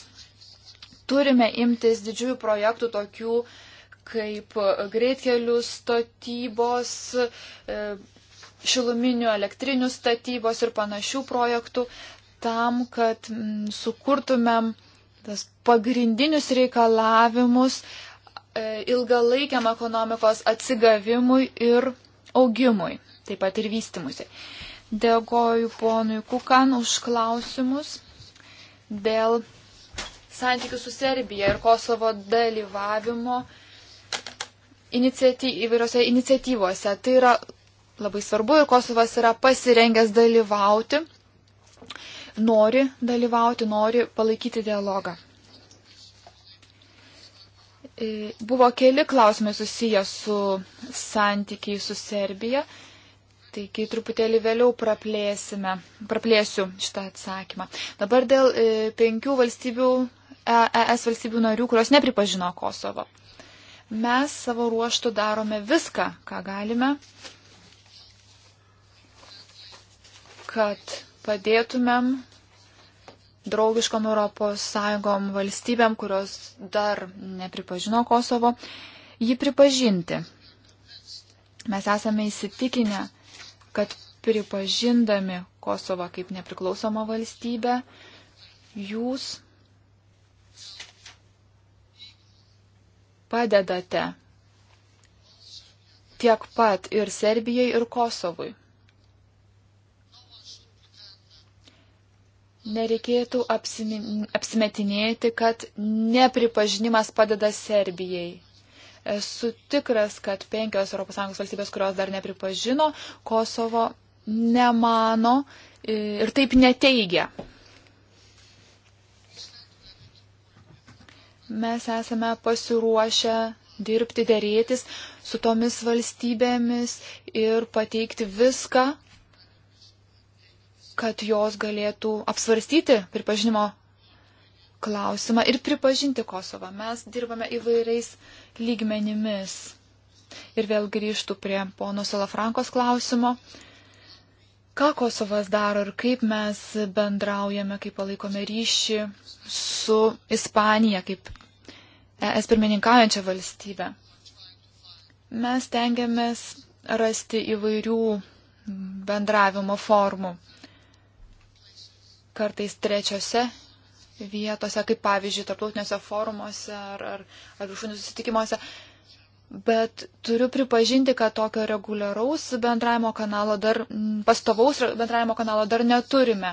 turime imtis didžiųjų projektų tokių kaip greitkelių statybos, e, šiluminių elektrinių statybos ir panašių projektų tam, kad sukurtumėm tas pagrindinius reikalavimus e, ilgalaikiam ekonomikos atsigavimui ir augimui, taip pat ir vystimusi. Dėkoju ponui Kukan už klausimus dėl santykių su Serbija ir Kosovo dalyvavimo iniciaty, įvairiose iniciatyvose. Tai yra labai svarbu ir Kosovas yra pasirengęs dalyvauti nori dalyvauti, nori palaikyti dialogą. E, buvo keli klausimai susiję su santykiai su Serbija, taigi truputėlį vėliau praplėsiu šitą atsakymą. Dabar dėl e, penkių valstybių, ES e valstybių narių, kurios nepripažino Kosovo. Mes savo ruoštų darome viską, ką galime, kad padėtumėm draugiškom Europos Sąjungom valstybėm, kurios dar nepripažino Kosovo, jį pripažinti. Mes esame įsitikinę, kad pripažindami Kosovą kaip nepriklausomą valstybę, jūs padedate tiek pat ir Serbijai, ir Kosovui. nereikėtų apsimi, apsimetinėti, kad nepripažinimas padeda Serbijai. Esu tikras, kad penkios ES valstybės, kurios dar nepripažino Kosovo, nemano ir taip neteigia. Mes esame pasiruošę dirbti, dėrėtis su tomis valstybėmis ir pateikti viską, kad jos galėtų apsvarstyti pripažinimo klausimą ir pripažinti Kosovą. Mes dirbame įvairiais lygmenimis. Ir vėl grįžtų prie pono Salafrankos klausimo. Ką Kosovas daro ir kaip mes bendraujame, kaip palaikome ryšį su Ispanija, kaip es pirmininkaujančia valstybė. Mes tengiamės rasti įvairių bendravimo formų kartais trečiose vietose, kaip pavyzdžiui, tarptautiniuose forumuose ar, ar, ar viršūnių susitikimuose. Bet turiu pripažinti, kad tokio reguliaraus bendravimo kanalo dar, pastovaus bendravimo kanalo dar neturime.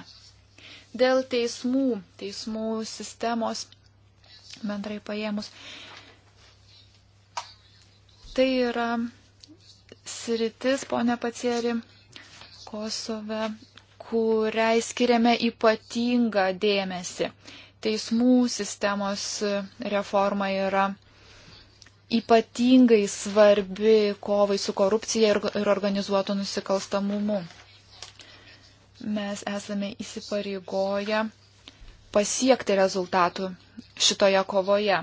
Dėl teismų, teismų sistemos bendrai paėmus. Tai yra sritis, ponė Pacieri, Kosove, kuriai skiriame ypatingą dėmesį. Teismų sistemos reforma yra ypatingai svarbi kovai su korupcija ir, ir organizuotu nusikalstamumu. Mes esame įsipareigoję pasiekti rezultatų šitoje kovoje.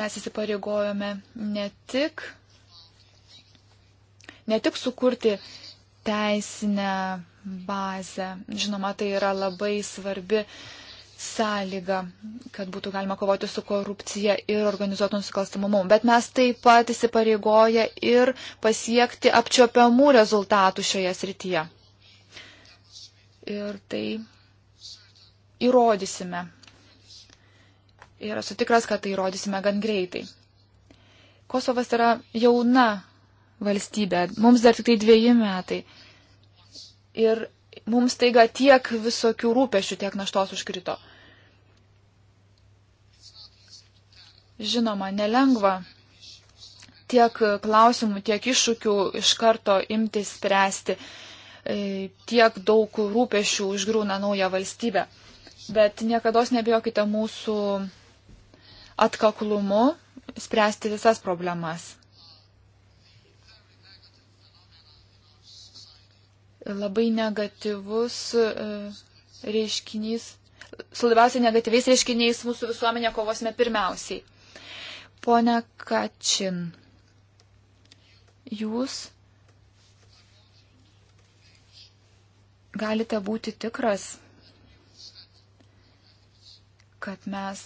Mes įsipareigojome ne tik, ne tik sukurti teisinę bazę. Žinoma, tai yra labai svarbi sąlyga, kad būtų galima kovoti su korupcija ir organizuotų nusikalstamumu. Bet mes taip pat įsipareigoja ir pasiekti apčiopiamų rezultatų šioje srityje. Ir tai įrodysime. Ir esu tikras, kad tai įrodysime gan greitai. Kosovas yra jauna valstybę. Mums dar tik tai dviejai metai. Ir mums taiga tiek visokių rūpešių, tiek naštos užkrito. Žinoma, nelengva tiek klausimų, tiek iššūkių iš karto imti spręsti, e, tiek daug rūpešių užgrūna naują valstybę. Bet niekada nebijokite mūsų atkaklumu spręsti visas problemas. labai negatyvus e, reiškinys, su labiausiai negatyviais reiškiniais mūsų visuomenė kovosime pirmiausiai. Pone Kačin, jūs galite būti tikras, kad mes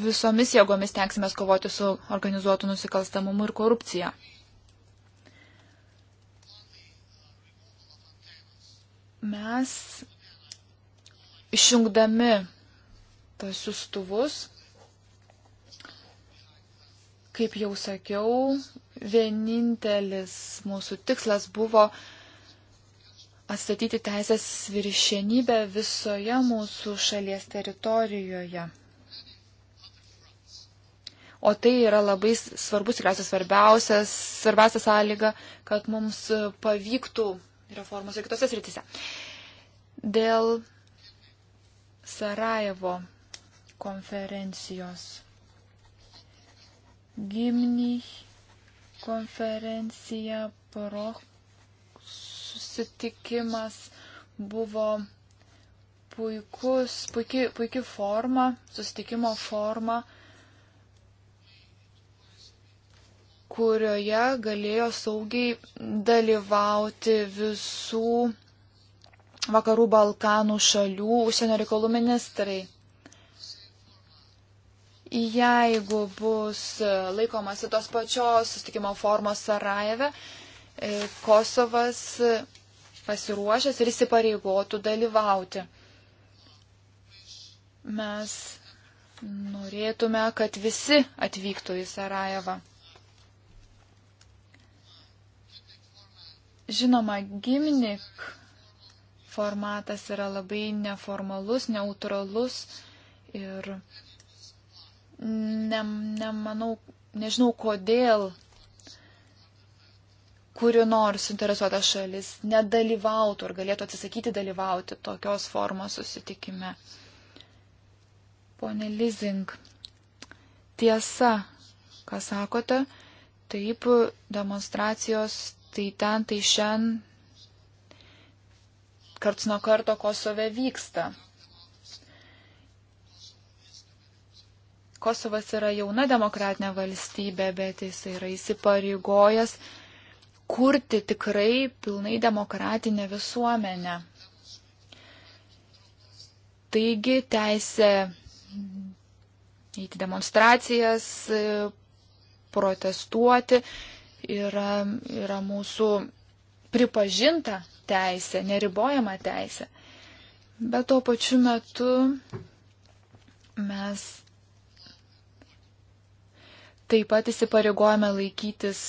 visomis jėgomis tenksimės kovoti su organizuotu nusikalstamumu ir korupcija. Mes išjungdami tas siustuvus, kaip jau sakiau, vienintelis mūsų tikslas buvo atstatyti teisės viršienybę visoje mūsų šalies teritorijoje. O tai yra labai svarbus, tikriausiai svarbiausias, svarbiausia sąlyga, kad mums pavyktų reformos ir kitose sritise. Dėl Sarajevo konferencijos. Gimnich konferencija, paro susitikimas buvo puikus, puiki, puiki forma, susitikimo forma kurioje galėjo saugiai dalyvauti visų vakarų Balkanų šalių užsienio reikalų ministrai. Jeigu bus laikomasi tos pačios sustikimo formos Sarajeve, e, Kosovas pasiruošęs ir įsipareigotų dalyvauti. Mes norėtume, kad visi atvyktų į Sarajevą. Žinoma, gimnik formatas yra labai neformalus, neutralus ir ne, nemanau, nežinau kodėl kuri nors interesuota šalis nedalyvautų ar galėtų atsisakyti dalyvauti tokios formos susitikime. Pone Lizing, tiesa, ką sakote, taip demonstracijos tai ten, tai šiandien karts nuo karto Kosove vyksta. Kosovas yra jauna demokratinė valstybė, bet jis yra įsipareigojęs kurti tikrai pilnai demokratinę visuomenę. Taigi teisė į demonstracijas, protestuoti, yra, yra mūsų pripažinta teisė, neribojama teisė. Bet tuo pačiu metu mes taip pat įsipareigojame laikytis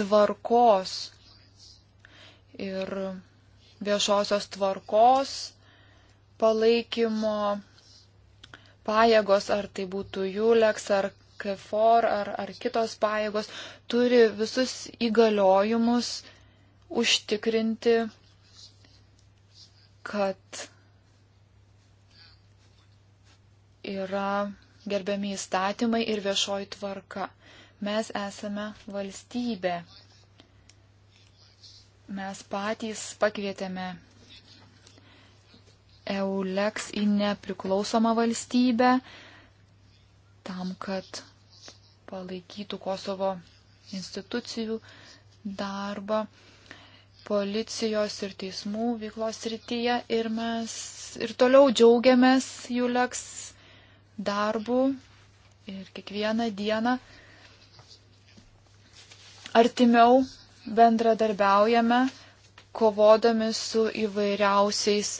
tvarkos ir viešosios tvarkos palaikymo pajėgos, ar tai būtų Juleks, ar KFOR ar, ar kitos pajėgos turi visus įgaliojimus užtikrinti, kad yra gerbiami įstatymai ir viešoji tvarka. Mes esame valstybė. Mes patys pakvietėme EULEX į nepriklausomą valstybę tam, kad palaikytų Kosovo institucijų darbą policijos ir teismų veiklos rytyje ir mes ir toliau džiaugiamės Juleks darbu ir kiekvieną dieną artimiau bendradarbiaujame, kovodami su įvairiausiais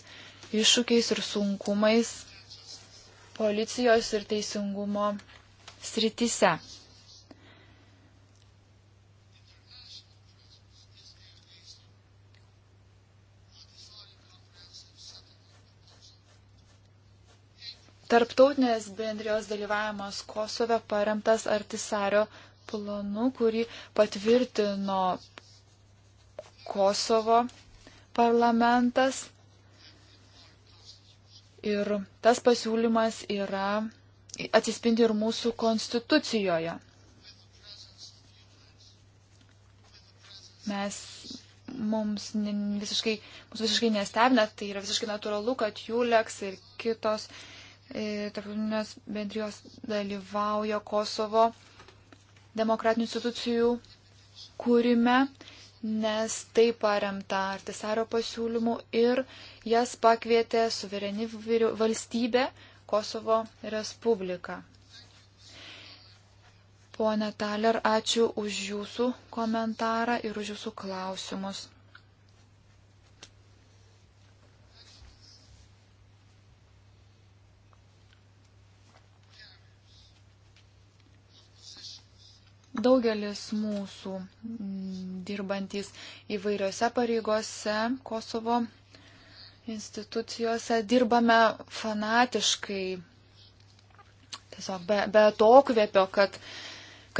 iššūkiais ir sunkumais policijos ir teisingumo sritise. Tarptautinės bendrijos dalyvavimas Kosove paremtas Artisario planu, kurį patvirtino Kosovo parlamentas. Ir tas pasiūlymas yra atsispindi ir mūsų konstitucijoje. Mes mums visiškai, mums visiškai nestebina, tai yra visiškai natūralu, kad Juleks ir kitos e, tarptautinės bendrijos dalyvauja Kosovo demokratinių institucijų kūrime nes tai paremta Artisaro pasiūlymu ir jas pakvietė suvereni valstybė Kosovo Respublika. Pone Taler, ačiū už jūsų komentarą ir už jūsų klausimus. Daugelis mūsų mm, dirbantis įvairiose pareigose Kosovo institucijose dirbame fanatiškai, tiesiog be, be to kvėpio, kad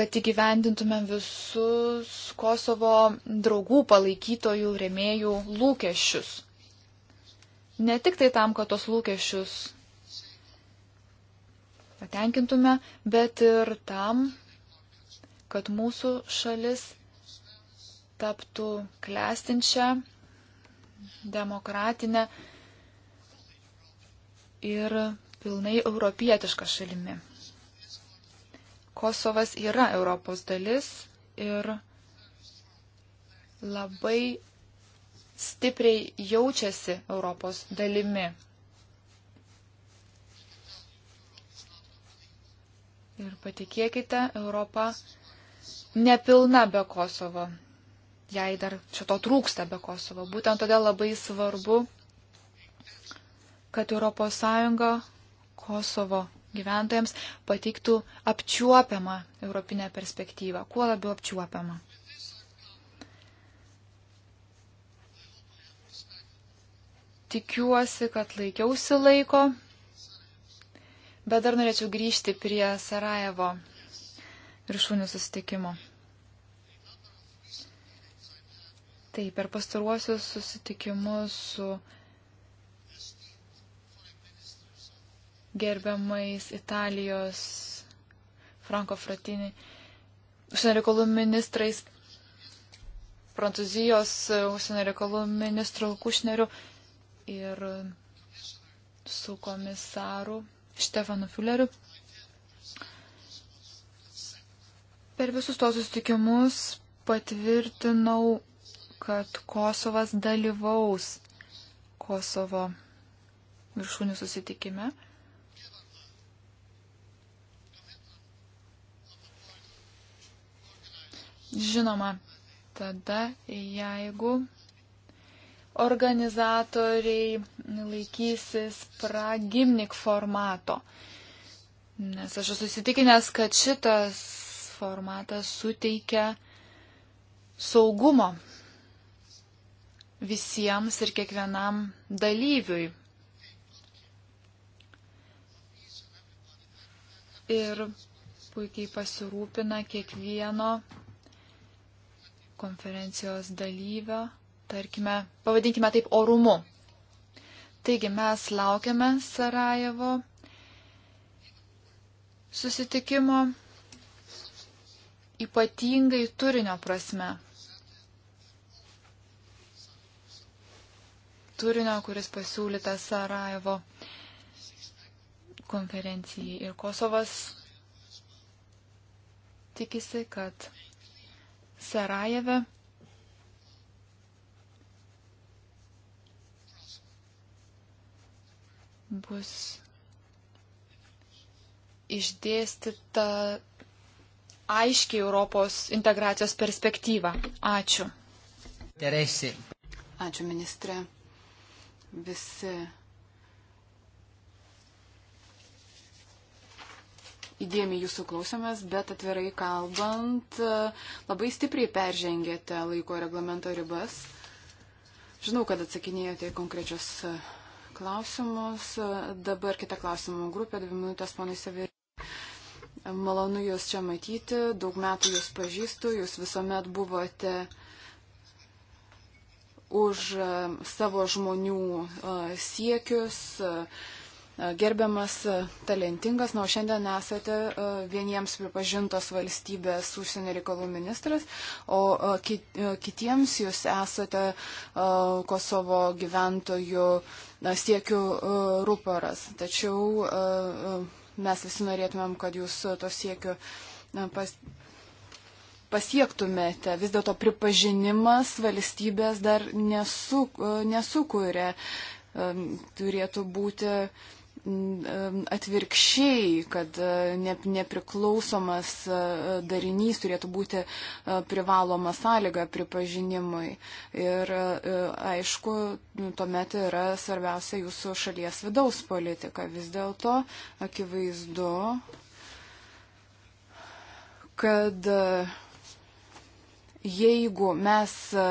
kad įgyvendintume visus Kosovo draugų, palaikytojų, remėjų lūkesčius. Ne tik tai tam, kad tos lūkesčius patenkintume, bet ir tam, kad mūsų šalis taptų klestinčią, demokratinę ir pilnai europietišką šalimi. Kosovas yra Europos dalis ir labai stipriai jaučiasi Europos dalimi. Ir patikėkite, Europa nepilna be Kosovo. Jai dar šito trūksta be Kosovo. Būtent todėl labai svarbu, kad ES Kosovo gyventojams pateiktų apčiuopiamą europinę perspektyvą, kuo labiau apčiuopiamą. Tikiuosi, kad laikiausi laiko, bet dar norėčiau grįžti prie Sarajevo viršūnių susitikimo. Taip, per pastaruosius susitikimus su gerbiamais Italijos Franko Fratini, užsienio reikalų ministrais, Prancūzijos e, užsienio reikalų ministru Kušneriu ir su komisaru Štefanu Fülleriu. Per visus tos susitikimus patvirtinau, kad Kosovas dalyvaus Kosovo viršūnių susitikime. Žinoma, tada jeigu organizatoriai laikysis pragimnik formato, nes aš esu įsitikinęs, kad šitas formatas suteikia saugumo visiems ir kiekvienam dalyviui. Ir puikiai pasirūpina kiekvieno konferencijos dalyvio, tarkime, pavadinkime taip orumu. Taigi mes laukiame Sarajevo susitikimo ypatingai turinio prasme. Turinio, kuris pasiūlyta Sarajevo konferencijai. Ir Kosovas tikisi, kad Sarajeve bus išdėstyta aiškiai Europos integracijos perspektyvą. Ačiū. Teresi. Ačiū, ministrė. Visi įdėmiai jūsų klausomės, bet atvirai kalbant, labai stipriai peržengėte laiko reglamento ribas. Žinau, kad atsakinėjote į konkrečius klausimus. Dabar kita klausimų grupė, dvi minutės, ponai Savirė malonu Jūs čia matyti, daug metų Jūs pažįstu, Jūs visuomet buvote už e, savo žmonių e, siekius, e, gerbiamas, talentingas, nors šiandien esate vieniems pripažintos valstybės užsienio reikalų ministras, o kitiems jūs esate Kosovo gyventojų siekių ruporas. Tačiau mes visi norėtumėm, kad jūs to siekiu pas, pasiektumėte. Vis dėlto pripažinimas valstybės dar nesu, nesukūrė. Um, turėtų būti atvirkščiai, kad e, nepriklausomas e, darinys turėtų būti e, privaloma sąlyga pripažinimui. Ir aišku, tuomet yra svarbiausia jūsų šalies vidaus politika. Vis dėlto akivaizdu, kad uh, jeigu mes e,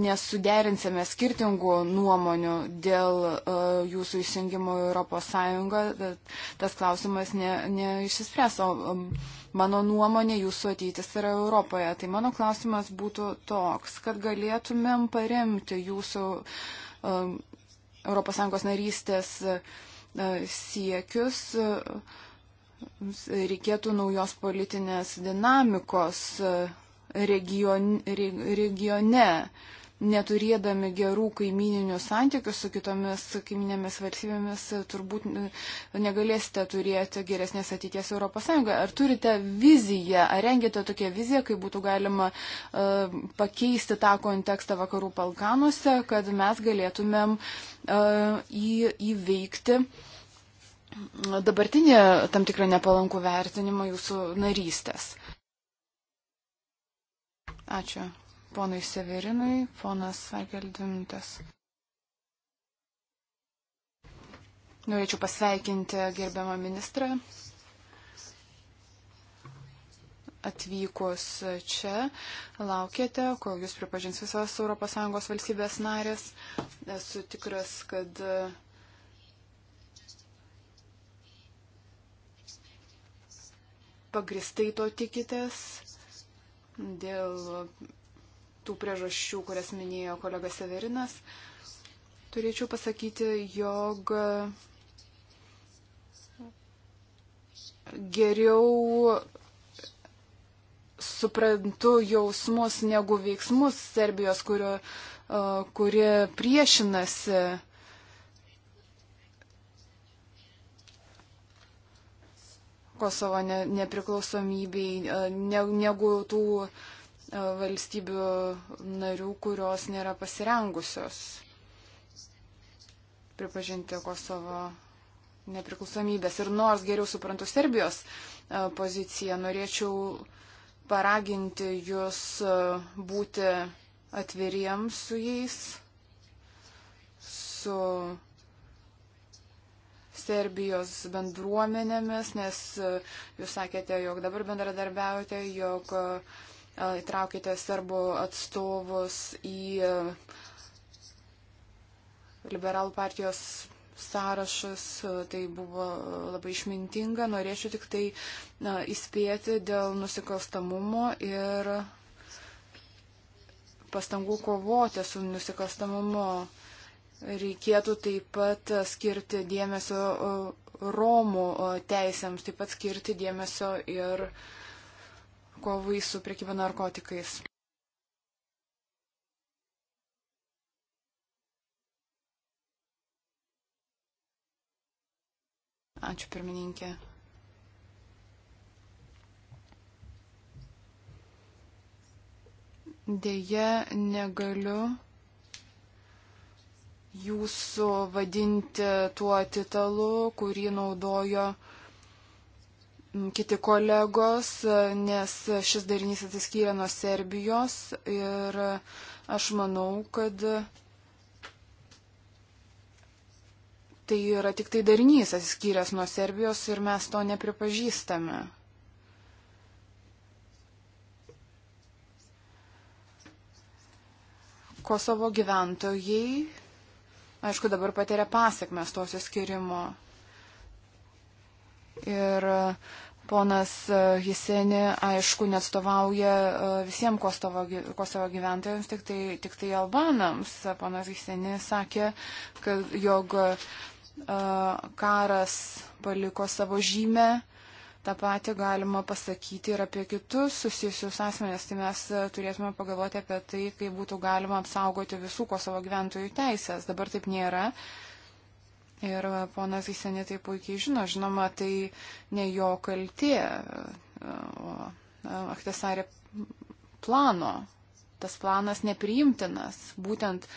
nesuderinsime skirtingų nuomonių dėl e, jūsų įsijungimo į ES, e, tas klausimas ne, neišsispręs. O mano nuomonė, jūsų ateitis yra Europoje. Tai mano klausimas būtų toks, kad galėtumėm paremti jūsų ES narystės siekius reikėtų naujos politinės dinamikos region, regione, neturėdami gerų kaimininių santykių su kitomis kaiminėmis valstybėmis, turbūt negalėsite turėti geresnės ateities ES. Ar turite viziją, ar rengėte tokią viziją, kaip būtų galima uh, pakeisti tą kontekstą vakarų Balkanuose, kad mes galėtumėm uh, į, įveikti dabartinį tam tikrą nepalankų vertinimą jūsų narystės? Ačiū ponui Severinui, ponas Ageldvintas. Norėčiau pasveikinti gerbiamą ministrą atvykus čia. Laukėte, kol jūs pripažins visas ES valstybės narės. Esu tikras, kad pagristai to tikitės dėl tų priežasčių, kurias minėjo kolega Severinas, turėčiau pasakyti, jog geriau suprantu jausmus negu veiksmus Serbijos, kurio, kuri priešinasi Kosovo ne, nepriklausomybei, e, ne, negu tų e, valstybių narių, kurios nėra pasirengusios pripažinti Kosovo nepriklausomybės. Ir nors geriau suprantu Serbijos e, poziciją, norėčiau paraginti jūs būti atviriems su jais, su Serbijos bendruomenėmis, nes e, jūs sakėte, jog dabar bendradarbiaujate, jog e, e, įtraukite serbų atstovus į liberalų partijos sąrašas, tai buvo labai išmintinga. Norėčiau tik tai na, įspėti dėl nusikalstamumo ir pastangų kovoti su nusikalstamumu Reikėtų taip pat skirti dėmesio e, Romų e, teisėms, taip pat skirti dėmesio ir kovai su priekyba narkotikais. Ačiū pirmininkė. Deja, negaliu jūsų vadinti tuo titalu, kurį naudojo kiti kolegos, nes šis darinys atsiskyrė nuo Serbijos ir aš manau, kad tai yra tik tai darinys atsiskyręs nuo Serbijos ir mes to nepripažįstame. Kosovo gyventojai aišku, dabar patiria pasiekmes tos įskirimo. Ir e, ponas Jiseni, e, aišku, netstovauja e, visiems Kosovo, Kosovo gyventojams, tik tai, tik tai albanams. Ponas Jiseni sakė, kad jog karas paliko savo žymę Ta pati galima pasakyti ir apie kitus susijusius asmenės, tai mes e, turėtume pagalvoti apie tai, kaip būtų galima apsaugoti visų Kosovo gyventojų teisės. Dabar taip nėra. Ir e, ponas Isenė tai puikiai žino, žinoma, tai ne jo kaltė, e, o Aktesarė plano. Tas planas nepriimtinas. Būtent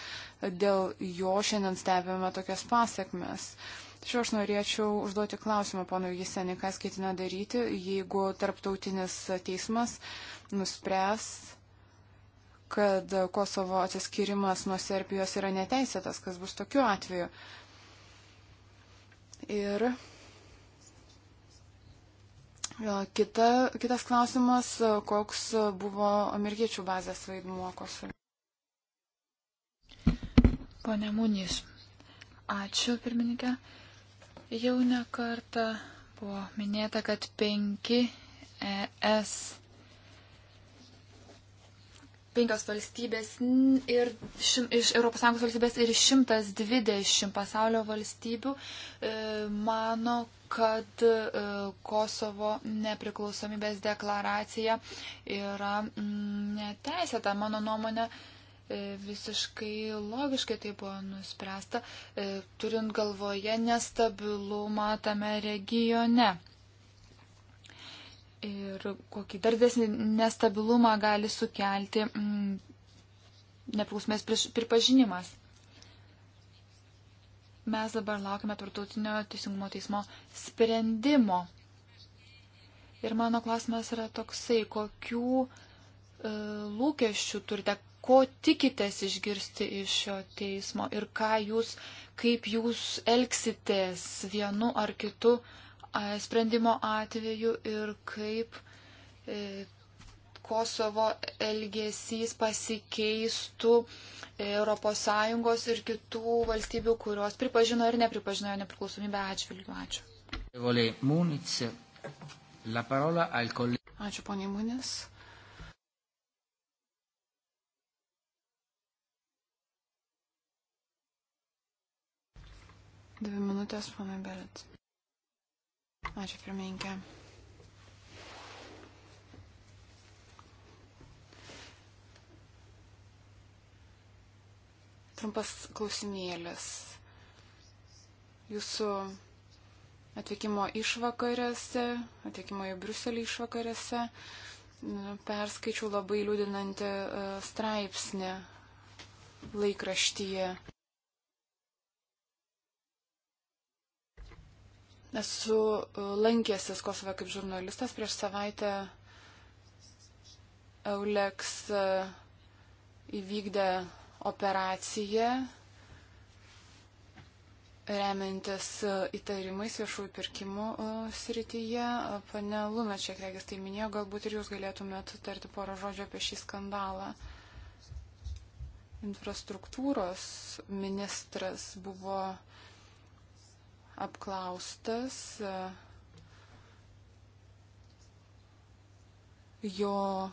dėl jo šiandien stebime tokias pasiekmes. Uh, Tačiau aš norėčiau užduoti klausimą ponui Jisenį, kas ketina daryti, jeigu tarptautinis teismas nuspręs, kad Kosovo atsiskirimas nuo Serbijos yra neteisėtas, kas bus tokiu atveju. Ir e, kita, kitas klausimas, koks buvo amerikiečių bazės vaidmuo Kosove. Pane Munys, ačiū pirmininkė. Jau nekarta buvo minėta, kad penki ES penkios valstybės ir šim, iš ES valstybės ir 120 pasaulio valstybių e, mano, kad e, Kosovo nepriklausomybės deklaracija yra mm, neteisėta. Mano nuomonė, e, E, visiškai logiškai tai buvo nuspręsta, e, turint galvoje nestabilumą tame regione. Ir kokį dar desnį nestabilumą gali sukelti mm, nepriklausomės pripažinimas. Mes dabar laukime tarptautinio teisingumo teismo sprendimo. Ir mano klausimas yra toksai, kokių e, lūkesčių turite, ko tikitės išgirsti iš šio teismo ir ką jūs, kaip jūs elgsitės vienu ar kitu sprendimo atveju ir kaip e, Kosovo elgesys pasikeistų ES ir kitų valstybių, kurios pripažino ir nepripažino nepriklausomybę atžvilgių. Ačiū. Ačiū, poniai Munis. Dvi minutės, ponai Berit. Ačiū, pirmininkė. Trumpas klausimėlis. Jūsų atvykimo išvakarėse, atvykimo į Bruselį išvakarėse, nu, perskaičiau labai liūdinantį e, straipsnį laikraštyje. Esu e, lankęsis Kosove kaip žurnalistas prieš savaitę. Euleks e, įvykdė operaciją remiantis e, įtarimais viešųjų pirkimų srityje. Pane Luna, čia regis tai minėjo, galbūt ir jūs galėtumėt tarti porą žodžių apie šį skandalą. Infrastruktūros ministras buvo apklaustas, e, jo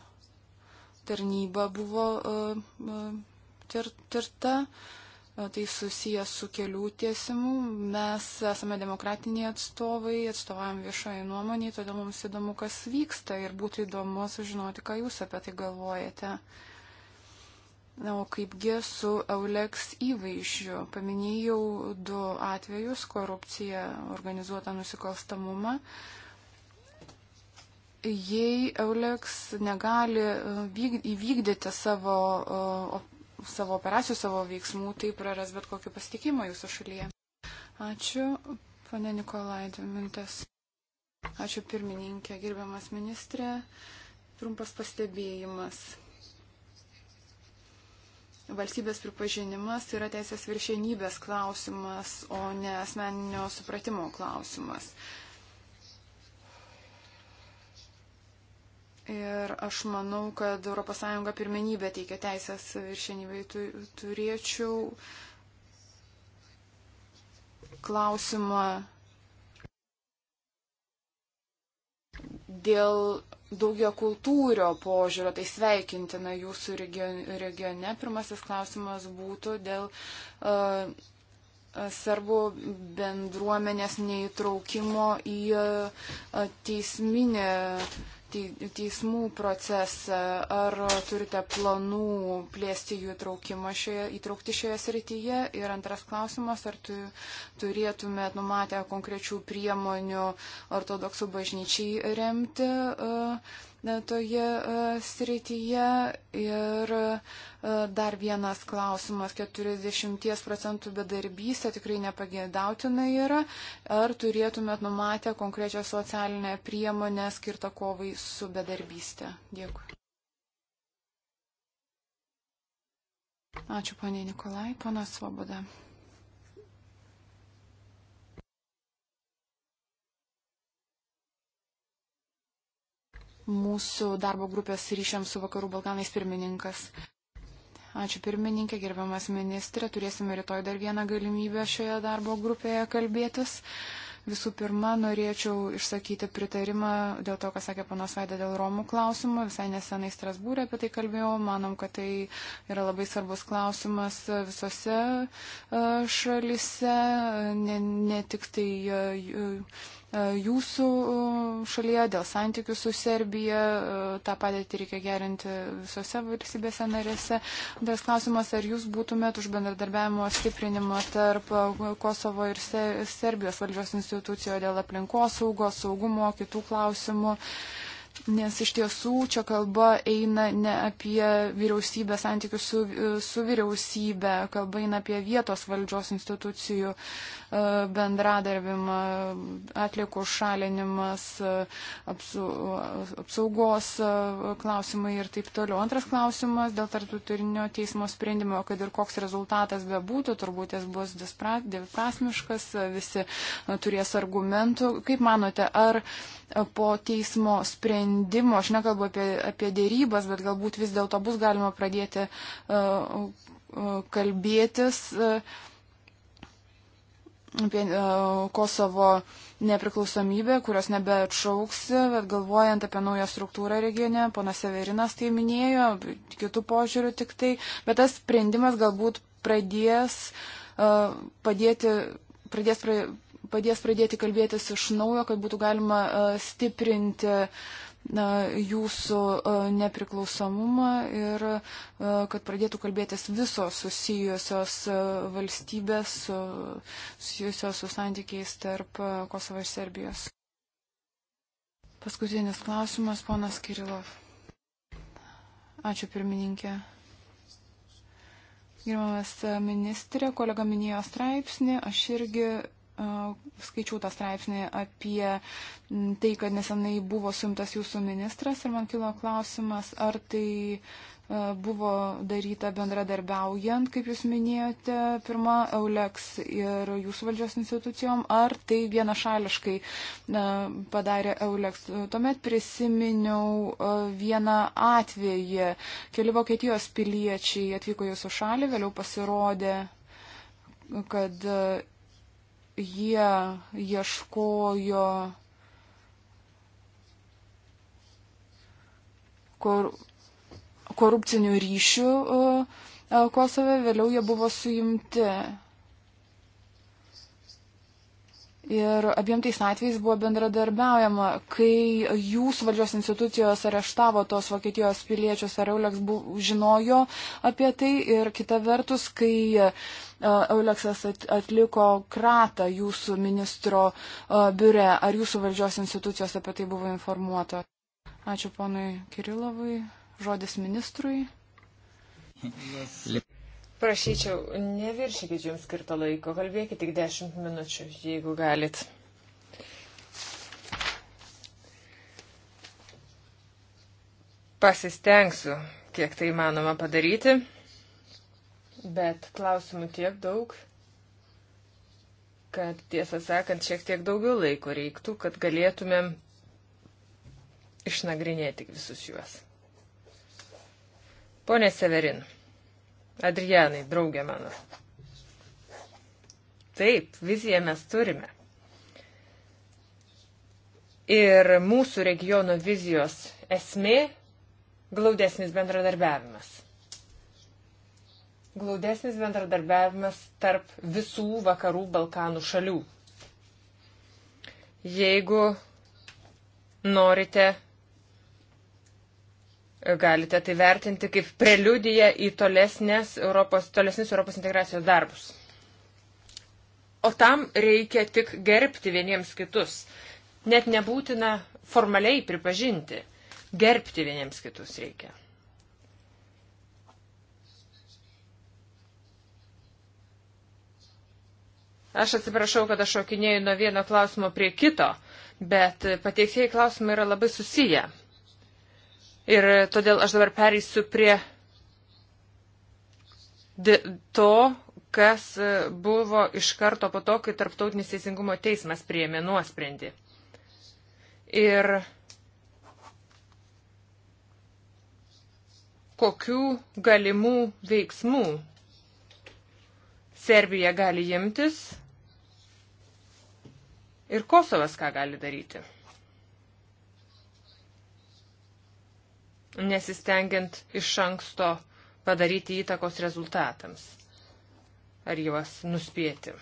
tarnyba buvo e, e, tirta, tai susijęs su kelių tiesimu. Mes esame demokratiniai atstovai, atstovavom viešoji nuomonė, todėl mums įdomu, kas vyksta ir būtų įdomu sužinoti, ką jūs apie tai galvojate. Na, o kaipgi su Euleks įvaizdžiu? Paminėjau du atvejus - korupcija, organizuotą nusikalstamumą. Jei Euleks negali uh, įvykdyti savo, uh, savo operacijų, savo veiksmų, tai praras bet kokį pasitikimą jūsų šalyje. Ačiū, pane Nikolai, dvi mintis. Ačiū pirmininkė, gerbiamas ministrė. Trumpas pastebėjimas valstybės pripažinimas yra teisės viršienybės klausimas, o ne asmeninio supratimo klausimas. Ir aš manau, kad ES pirmenybę teikia teisės viršienybei. Turėčiau klausimą dėl daugia kultūrio požiūrio, tai sveikintina jūsų regione. Pirmasis klausimas būtų dėl uh, serbų bendruomenės neįtraukimo į uh, teisminę, teismų procesą, ar turite planų plėsti jų šioje, įtraukti šioje srityje? Ir antras klausimas, ar tu, turėtumėt numatę konkrečių priemonių ortodoksų bažnyčiai remti? Uh, toje e, srityje. Ir e, dar vienas klausimas - 40 procentų bedarbystė tikrai nepagėdautina yra. Ar turėtumėt numatę konkrečią socialinę priemonę skirtą kovai su bedarbystė? Dėkui. Ačiū, ponė Nikolai, ponas Svoboda. mūsų darbo grupės ryšiams su Vakarų Balkanais pirmininkas. Ačiū pirmininkė, gerbiamas ministrė. Turėsime rytoj dar vieną galimybę šioje darbo grupėje kalbėtis. Visų pirma, norėčiau išsakyti pritarimą dėl to, ką sakė panas Vaida dėl Romų klausimų. Visai nesenai Strasbūrė apie tai kalbėjau. Manom, kad tai yra labai svarbus klausimas visose e, šalise, ne, ne tik tai e, E, jūsų e, šalyje, dėl santykių su Serbija. E, tą padėtį reikia gerinti visose valstybėse narėse. Dar klausimas, ar jūs būtumėt už bendradarbiavimo stiprinimą tarp Kosovo ir Serbijos valdžios institucijoje dėl aplinkos saugos, saugumo, kitų klausimų. Nes iš tiesų čia kalba eina ne apie vyriausybę santykius su, su vyriausybė, kalba eina apie vietos valdžios institucijų uh, E, bendradarbimą, atliekų šalinimas, e, e, apsaugos klausimai ir taip toliau. Antras klausimas dėl tarptautinių teismo sprendimo, kad ir koks rezultatas bebūtų, turbūt jis bus dviprasmiškas, visi turės argumentų. Kaip manote, ar po teismo sprendimo, aš nekalbu apie, apie dėrybas, bet galbūt vis dėlto bus galima pradėti uh, kalbėtis. Uh, apie e, Kosovo nepriklausomybę, kurios nebeatšauksi, bet galvojant apie naują struktūrą regione, ponas Severinas tai minėjo, kitų požiūrių tik tai, bet tas sprendimas galbūt pradės e, padėti, pradės, pradės pradėti kalbėtis iš naujo, kad būtų galima e, stiprinti jūsų e, nepriklausomumą ir e, kad pradėtų kalbėtis visos susijusios e, valstybės, susijusios su santykiais tarp Kosovo ir Serbijos. Paskutinis klausimas, ponas Kirilov. Ačiū pirmininkė. Gerbiamas ministrė, kolega minėjo straipsnį, aš irgi skaičiau tą straipsnį apie tai, kad nesenai buvo sumtas jūsų ministras ir man kilo klausimas, ar tai buvo daryta bendradarbiaujant, kaip jūs minėjote, pirmą EULEX ir jūsų valdžios institucijom, ar tai vienašališkai padarė EULEX. Tuomet prisiminiau vieną atvejį. Keli Vokietijos piliečiai atvyko jūsų šalį, vėliau pasirodė kad jie ieškojo kor, korupcinių ryšių e, Kosove, vėliau jie buvo suimti. Ir abiem tais atvejais buvo bendradarbiaujama, kai jūs valdžios institucijos areštavo tos Vokietijos piliečius, ar Euleks buvo, žinojo apie tai. Ir kita vertus, kai e, Euleksas atliko kratą jūsų ministro e, biure, ar jūsų valdžios institucijos apie tai buvo informuota. Ačiū ponui Kirilovui. Žodis ministrui. Prašyčiau, neviršykit jums skirto laiko, kalbėkit tik 10 minučių, jeigu galit. Pasistengsiu, kiek tai manoma padaryti, bet klausimų tiek daug, kad tiesą sakant, šiek tiek daugiau laiko reiktų, kad galėtumėm išnagrinėti visus juos. Pone Severin. Adrianai, draugė mano. Taip, viziją mes turime. Ir mūsų regiono vizijos esmė - glaudesnis bendradarbiavimas. Glaudesnis bendradarbiavimas tarp visų vakarų Balkanų šalių. Jeigu norite galite tai vertinti kaip preliudiją į tolesnės Europos, tolesnis Europos integracijos darbus. O tam reikia tik gerbti vieniems kitus. Net nebūtina formaliai pripažinti. Gerbti vieniems kitus reikia. Aš atsiprašau, kad aš šokinėjau nuo vieno klausimo prie kito, bet pateiktieji klausimai yra labai susiję. Ir todėl aš dabar pereisiu prie to, kas buvo iš karto po to, kai Tarptautinis teisingumo teismas priėmė nuosprendį. Ir kokių galimų veiksmų Serbija gali imtis ir Kosovas ką gali daryti. nesistengiant iš anksto padaryti įtakos rezultatams ar juos nuspėti.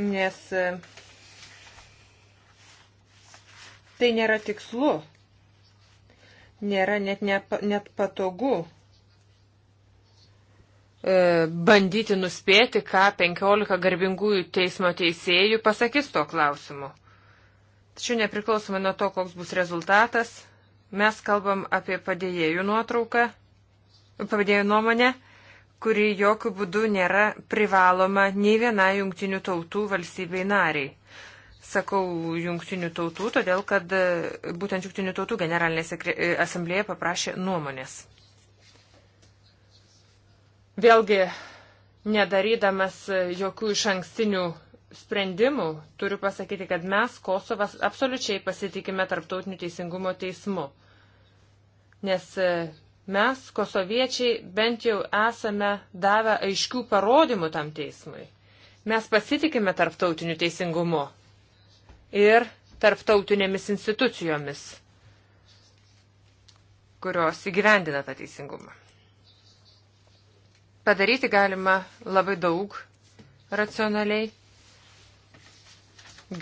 Nes e, tai nėra tikslu, nėra net, ne, net patogu E, bandyti nuspėti, ką 15 garbingųjų teismo teisėjų pasakys tuo klausimu. Tačiau nepriklausomai nuo to, koks bus rezultatas, mes kalbam apie padėjėjų nuotrauką, padėjėjų nuomonę, kuri jokių būdų nėra privaloma nei viena jungtinių tautų valstybei nariai. Sakau jungtinių tautų, todėl kad e, būtent jungtinių tautų generalinė e, asamblėje paprašė nuomonės. Vėlgi, nedarydamas e, jokių iš ankstinių sprendimų, turiu pasakyti, kad mes, Kosovas, absoliučiai pasitikime Tarptautiniu teisingumo teismu. Nes e, mes, kosoviečiai, bent jau esame davę aiškių parodymų tam teismui. Mes pasitikime Tarptautiniu teisingumu ir tarptautinėmis institucijomis, kurios įgyvendina tą teisingumą. Padaryti galima labai daug racionaliai.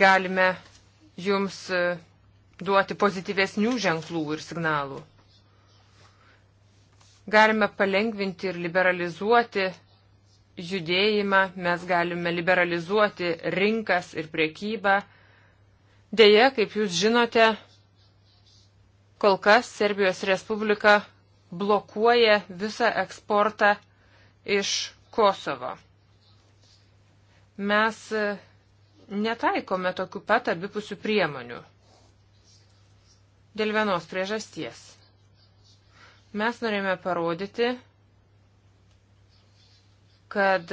Galime jums e, duoti pozityvesnių ženklų ir signalų. Galime palengvinti ir liberalizuoti judėjimą, mes galime liberalizuoti rinkas ir priekybą. Deja, kaip jūs žinote, kol kas Serbijos Respublika blokuoja visą eksportą iš Kosovo. Mes e, netaikome tokių pat abipusių priemonių. Dėl vienos priežasties. Mes norėjome parodyti, kad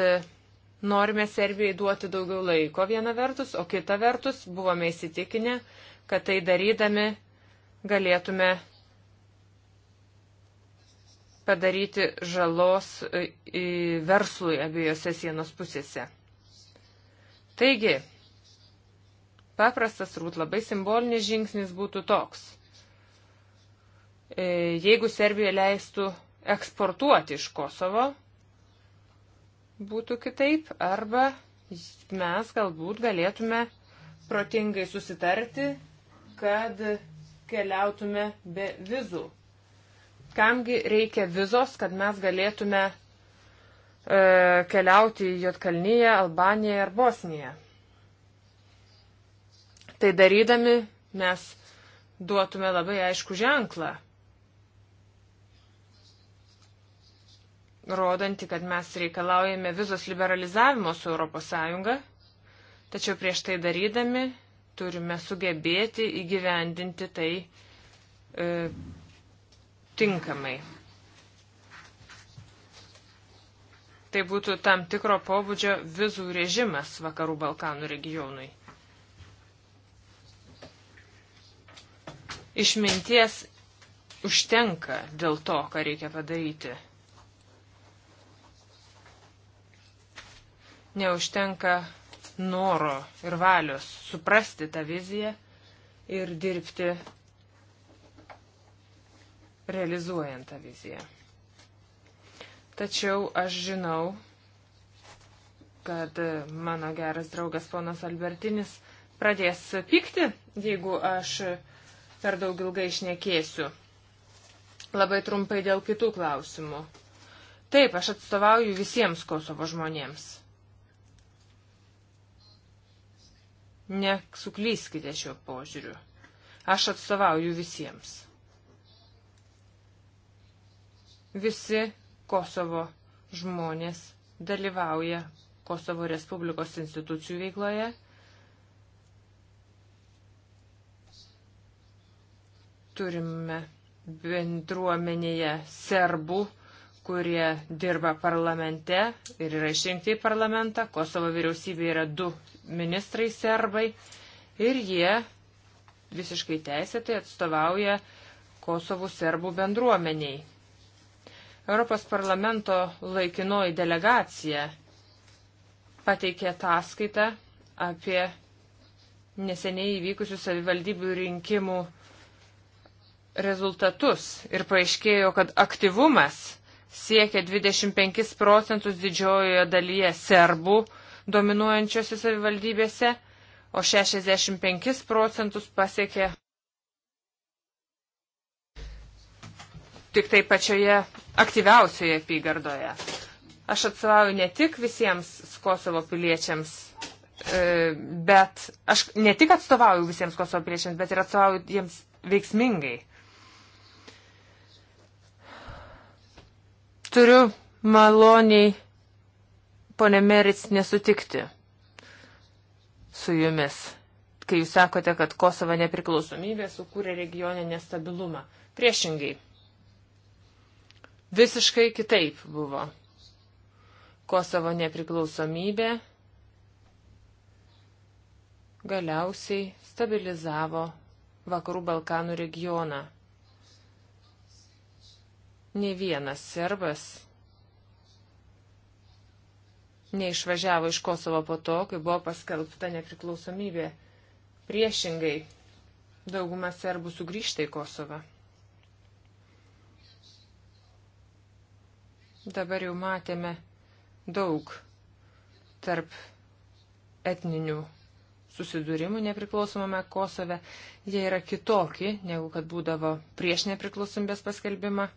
norime Serbijai duoti daugiau laiko viena vertus, o kita vertus buvome įsitikinę, kad tai darydami galėtume padaryti žalos e, e, verslui abiejose sienos pusėse. Taigi, paprastas, turbūt labai simbolinis žingsnis būtų toks. E, jeigu Serbija leistų eksportuoti iš Kosovo, būtų kitaip, arba mes galbūt galėtume protingai susitarti, kad keliautume be vizų Kamgi reikia vizos, kad mes galėtume e, keliauti į Jotkalnyje, Albaniją ar Bosniją. Tai darydami mes duotume labai aišku ženklą, rodanti, kad mes reikalaujame vizos liberalizavimo su ES, tačiau prieš tai darydami turime sugebėti įgyvendinti tai. E, tinkamai. Tai būtų tam tikro pobūdžio vizų režimas Vakarų Balkanų regionui. Išminties užtenka dėl to, ką reikia padaryti. Neužtenka noro ir valios suprasti tą viziją ir dirbti realizuojant tą viziją. Tačiau aš žinau, kad mano geras draugas ponas Albertinis pradės pykti, jeigu aš per daug ilgai išnekėsiu. Labai trumpai dėl kitų klausimų. Taip, aš atstovauju visiems Kosovo žmonėms. Nesuklyskite šiuo požiūriu. Aš atstovauju visiems. Visi Kosovo žmonės dalyvauja Kosovo Respublikos institucijų veikloje. Turime bendruomenėje serbų, kurie dirba parlamente ir yra išrinkti į parlamentą. Kosovo vyriausybė yra du ministrai serbai ir jie visiškai teisėtai atstovauja Kosovų serbų bendruomeniai. Europos parlamento laikinoji delegacija pateikė ataskaitą apie neseniai įvykusių savivaldybių rinkimų rezultatus ir paaiškėjo, kad aktyvumas siekia 25 procentus didžiojoje dalyje serbų dominuojančiose savivaldybėse, o 65 procentus pasiekė tik tai pačioje aktyviausioje apygardoje. Aš atstovauju ne tik visiems Kosovo piliečiams, e, bet aš ne tik atstovauju visiems Kosovo piliečiams, bet ir atstovauju jiems veiksmingai. Turiu maloniai, ponė Merits, nesutikti su jumis, kai jūs sakote, kad Kosovo nepriklausomybė sukūrė regioninę nestabilumą. Priešingai, Visiškai kitaip buvo. Kosovo nepriklausomybė galiausiai stabilizavo Vakarų Balkanų regioną. Ne vienas serbas neišvažiavo iš Kosovo po to, kai buvo paskelbta nepriklausomybė. Priešingai, dauguma serbų sugrįžta į Kosovą. Dabar jau matėme daug tarp etninių susidūrimų nepriklausomame Kosove. Jie yra kitokie, negu kad būdavo prieš nepriklausomybės paskelbimą.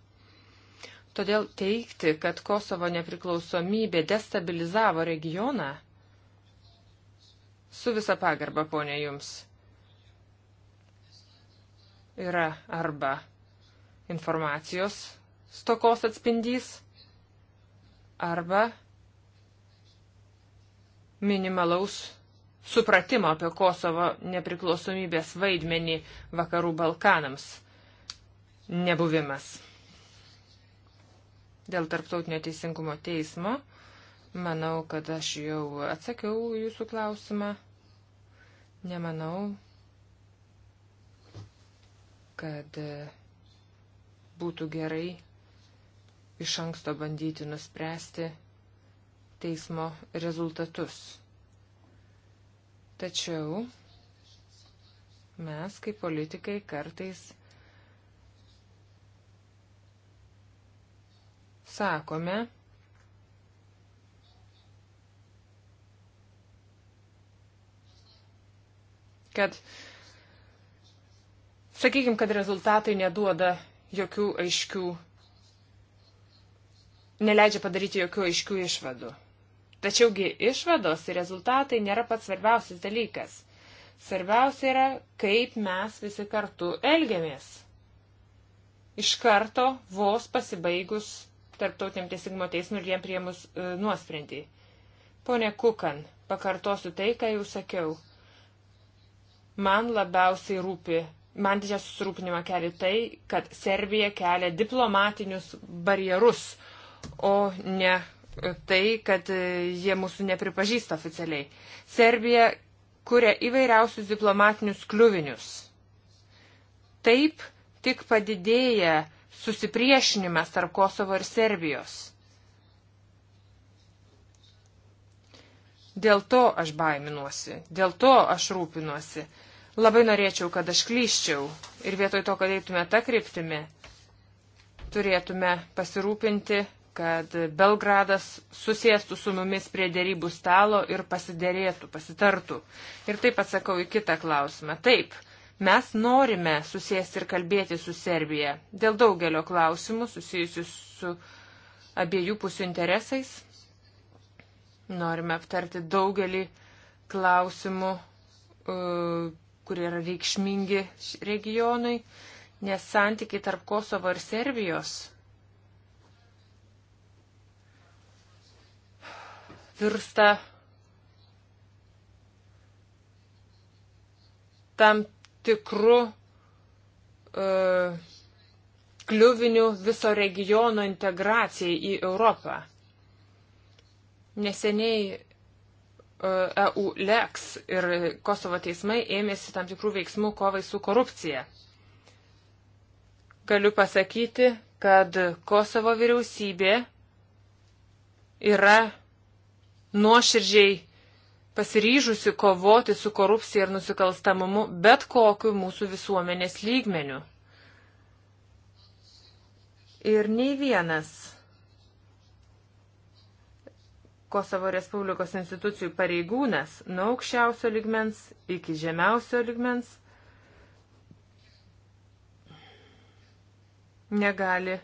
Todėl teikti, kad Kosovo nepriklausomybė destabilizavo regioną, su visa pagarba, ponė, jums yra arba informacijos stokos atspindys, arba minimalaus supratimo apie Kosovo nepriklausomybės vaidmenį vakarų Balkanams nebuvimas. Dėl tarptautinio teisingumo teismo, manau, kad aš jau atsakiau jūsų klausimą. Nemanau, kad būtų gerai iš anksto bandyti nuspręsti teismo rezultatus. Tačiau mes, kaip politikai, kartais sakome, kad, sakykime, kad rezultatai neduoda jokių aiškių neleidžia padaryti jokių aiškių išvadų. Tačiaugi išvados ir rezultatai nėra pats svarbiausias dalykas. Svarbiausia yra, kaip mes visi kartu elgiamės. Iš karto vos pasibaigus tarptautiniam teisingumo teismui ir jiem priemus e, nuosprendį. Pone Kukan, pakartosiu tai, ką jau sakiau. Man labiausiai rūpi, man didžiausias susirūpinimą kelia tai, kad Serbija kelia diplomatinius barjerus o ne tai, kad jie mūsų nepripažįsta oficialiai. Serbija kuria įvairiausius diplomatinius kliuvinius. Taip tik padidėja susipriešinimas tarp Kosovo ir Serbijos. Dėl to aš baiminuosi, dėl to aš rūpinuosi. Labai norėčiau, kad aš klyščiau ir vietoj to, kad eitume tą kryptimį, turėtume pasirūpinti kad Belgradas susėstų su mumis prie dėrybų stalo ir pasiderėtų, pasitartų. Ir taip atsakau į kitą klausimą. Taip, mes norime susėsti ir kalbėti su Serbija dėl daugelio klausimų susijusių su abiejų pusių interesais. Norime aptarti daugelį klausimų, e, kurie yra reikšmingi regionui, nes santykiai tarp Kosovo ir Serbijos virsta tam tikru uh, kliuviniu viso regiono integracijai į Europą. Neseniai uh, e, EU LEX ir Kosovo teismai ėmėsi tam tikrų veiksmų kovai su korupcija. Galiu pasakyti, kad Kosovo vyriausybė yra nuoširdžiai pasiryžusi kovoti su korupcija ir nusikalstamumu bet kokiu mūsų visuomenės lygmeniu. Ir nei vienas Kosovo Respublikos institucijų pareigūnas nuo aukščiausio ligmens iki žemiausio ligmens negali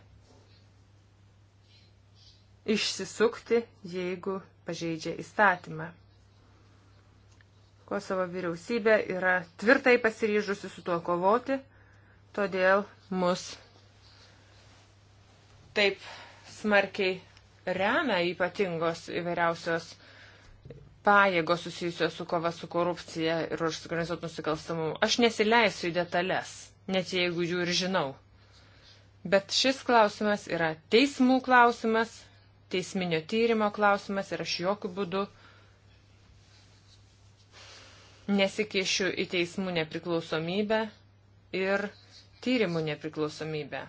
išsisukti, jeigu pažeidžia įstatymą. Kosovo vyriausybė yra tvirtai pasiryžusi su tuo kovoti, todėl mus taip smarkiai remia ypatingos įvairiausios pajėgos susijusios su kova su korupcija ir organizuotų nusikalstamumu. Aš nesileisiu į detalės, net jeigu jų ir žinau. Bet šis klausimas yra teismų klausimas teisminio tyrimo klausimas ir aš jokių būdų nesikešiu į teismų nepriklausomybę ir tyrimų nepriklausomybę.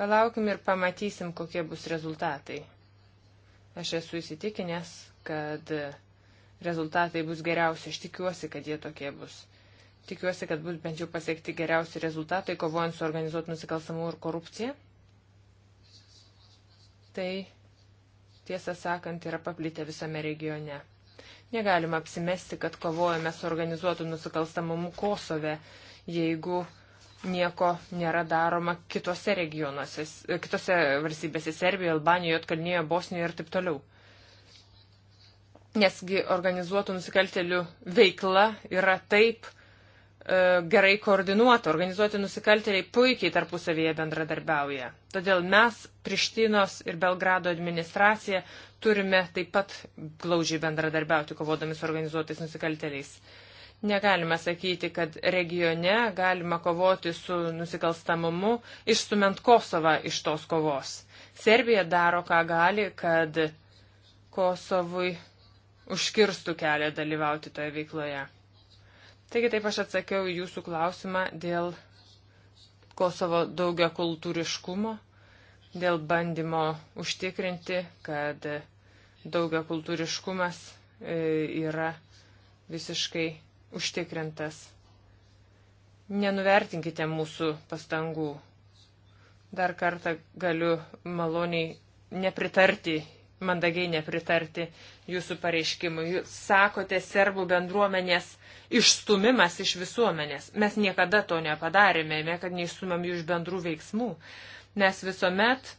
Palaukim ir pamatysim, kokie bus rezultatai. Aš esu įsitikinęs, kad rezultatai bus geriausi. Aš tikiuosi, kad jie tokie bus. Tikiuosi, kad bus bent jau pasiekti geriausi rezultatai, kovojant su organizuotų nusikalstamų ir korupcija. Tai tiesą sakant, yra paplitę visame regione. Negalima apsimesti, kad kovojame su organizuotu nusikalstamumu Kosove, jeigu nieko nėra daroma kitose regionuose, kitose valstybėse - Serbijoje, Albanijoje, Jotkalnyje, Bosnijoje ir taip toliau. Nesgi organizuotų nusikaltelių veikla yra taip, E, gerai koordinuota, organizuoti nusikaltėliai puikiai tarpusavyje bendradarbiauja. Todėl mes, Prištinos ir Belgrado administracija, turime taip pat glaužiai bendradarbiauti, kovodami su organizuotais nusikaltėliais. Negalime sakyti, kad regione galima kovoti su nusikalstamumu, išstumant Kosovą iš tos kovos. Serbija daro, ką gali, kad Kosovui užkirstų kelią dalyvauti toje veikloje Taigi taip aš atsakiau jūsų klausimą dėl Kosovo daugia kultūriškumo, dėl bandymo užtikrinti, kad daugia kultūriškumas e, yra visiškai užtikrintas. Nenuvertinkite mūsų pastangų. Dar kartą galiu maloniai nepritarti mandagiai nepritarti jūsų pareiškimui. Jūs sakote serbų bendruomenės išstumimas iš visuomenės. Mes niekada to nepadarėme, niekad neišstumėm jų iš bendrų veiksmų. Mes visuomet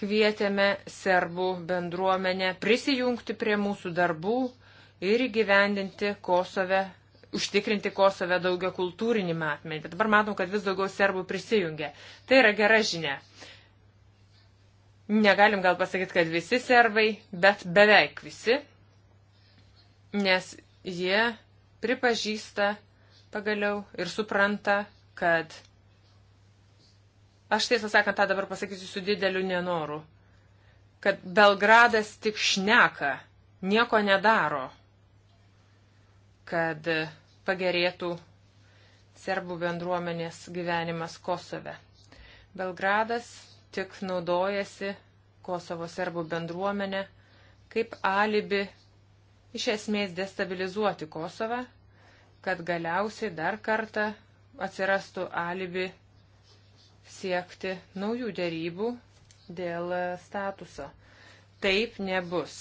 kvietėme serbų bendruomenę prisijungti prie mūsų darbų ir įgyvendinti Kosove, užtikrinti Kosove daugia kultūrinį matmenį. Bet dabar matom, kad vis daugiau serbų prisijungia. Tai yra gera žinia. Negalim gal pasakyti, kad visi servai, bet beveik visi, nes jie pripažįsta pagaliau ir supranta, kad aš tiesą sakant tą dabar pasakysiu su dideliu nenoru, kad Belgradas tik šneka, nieko nedaro, kad pagerėtų serbų bendruomenės gyvenimas Kosove. Belgradas tik naudojasi Kosovo serbų bendruomenė kaip alibi iš esmės destabilizuoti Kosovą, kad galiausiai dar kartą atsirastų alibi siekti naujų dėrybų dėl statuso. Taip nebus.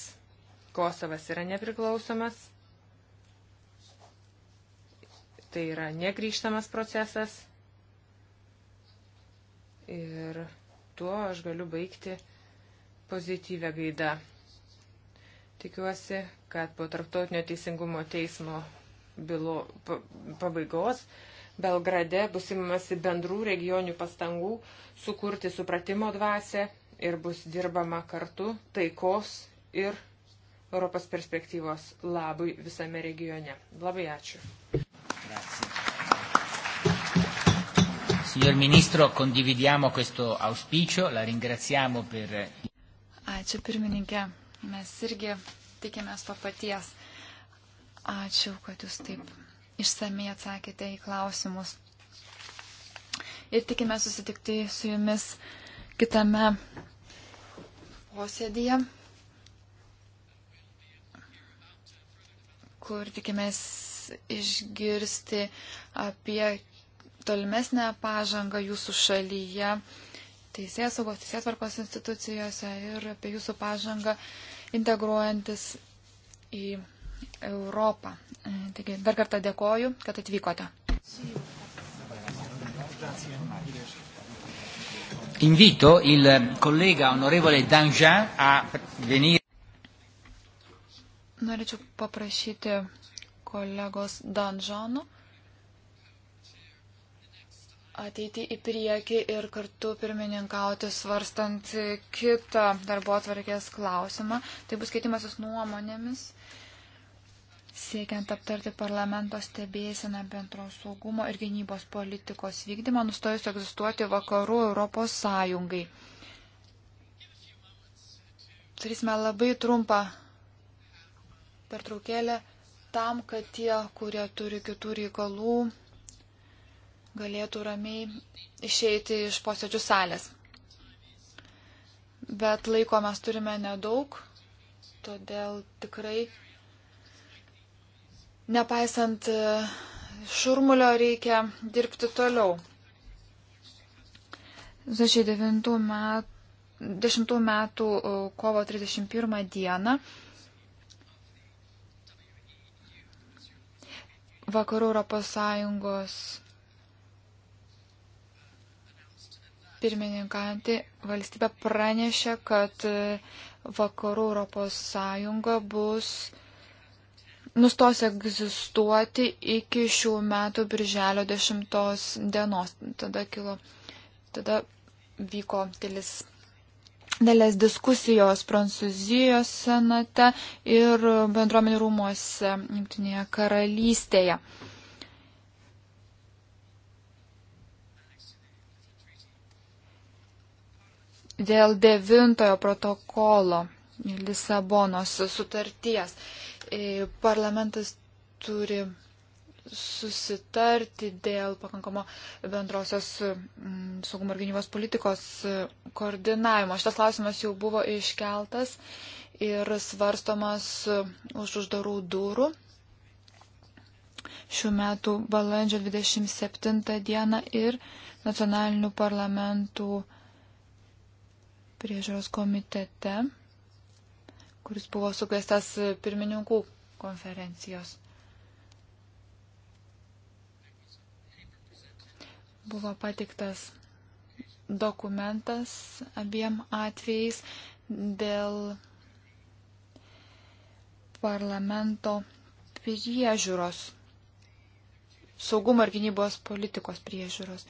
Kosovas yra nepriklausomas. Tai yra negryžtamas procesas. Ir tuo aš galiu baigti pozityvę gaidą. Tikiuosi, kad po Tarptautinio teisingumo teismo bylo pabaigos Belgrade bus imamasi bendrų regionių pastangų sukurti supratimo dvasę ir bus dirbama kartu taikos ir Europos perspektyvos labui visame regione. Labai ačiū. Signor Ministro, condividiamo questo auspicio, la ringraziamo per. Ačiū pirmininkė, mes irgi tikimės to paties. Ačiū, kad jūs taip išsamei atsakėte į klausimus. Ir tikime susitikti su jumis kitame posėdėje, kur tikimės išgirsti apie tolimesnę pažangą jūsų šalyje, teisės saugos, teisės tvarkos institucijose ir apie jūsų pažangą integruojantis į Europą. Taigi dar kartą dėkoju, kad atvykote. Invito il collega onorevole Danjean a venire. Norėčiau paprašyti kolegos Danžano ateiti į priekį ir kartu pirmininkauti svarstant kitą darbo atvarkės klausimą. Tai bus keitimasis nuomonėmis, siekiant aptarti parlamento stebėsiną bendros saugumo ir gynybos politikos vykdymą, nustojus egzistuoti vakarų Europos Sąjungai. Turėsime labai trumpą pertraukėlę tam, kad tie, kurie turi kitų reikalų, galėtų ramiai išeiti iš posėdžių salės. Bet laiko mes turime nedaug, todėl tikrai, nepaisant e, šurmulio, reikia dirbti toliau. 2009 metų 10 e, metų kovo 31 dieną Vakarų Europos Sąjungos pirmininkantį valstybę pranešė, kad e, vakarų Europos Sąjunga bus nustos egzistuoti iki šių metų birželio 10 dienos. Tada kilo, tada vyko dėlis, dėlės diskusijos Prancūzijos senate ir bendruomenių rūmose Junktinėje karalystėje. dėl devintojo protokolo Lisabonos sutarties. E, parlamentas turi susitarti dėl pakankamo bendrosios mm, saugumo ir gynybos politikos e, koordinavimo. Šitas klausimas jau buvo iškeltas ir svarstomas e, už uždarų durų. Šių metų balandžio 27 dieną ir nacionalinių parlamentų priežiūros komitete, kuris buvo sukviestas pirmininkų konferencijos. Buvo patiktas dokumentas abiem atvejais dėl parlamento priežiūros, saugumo ir gynybos politikos priežiūros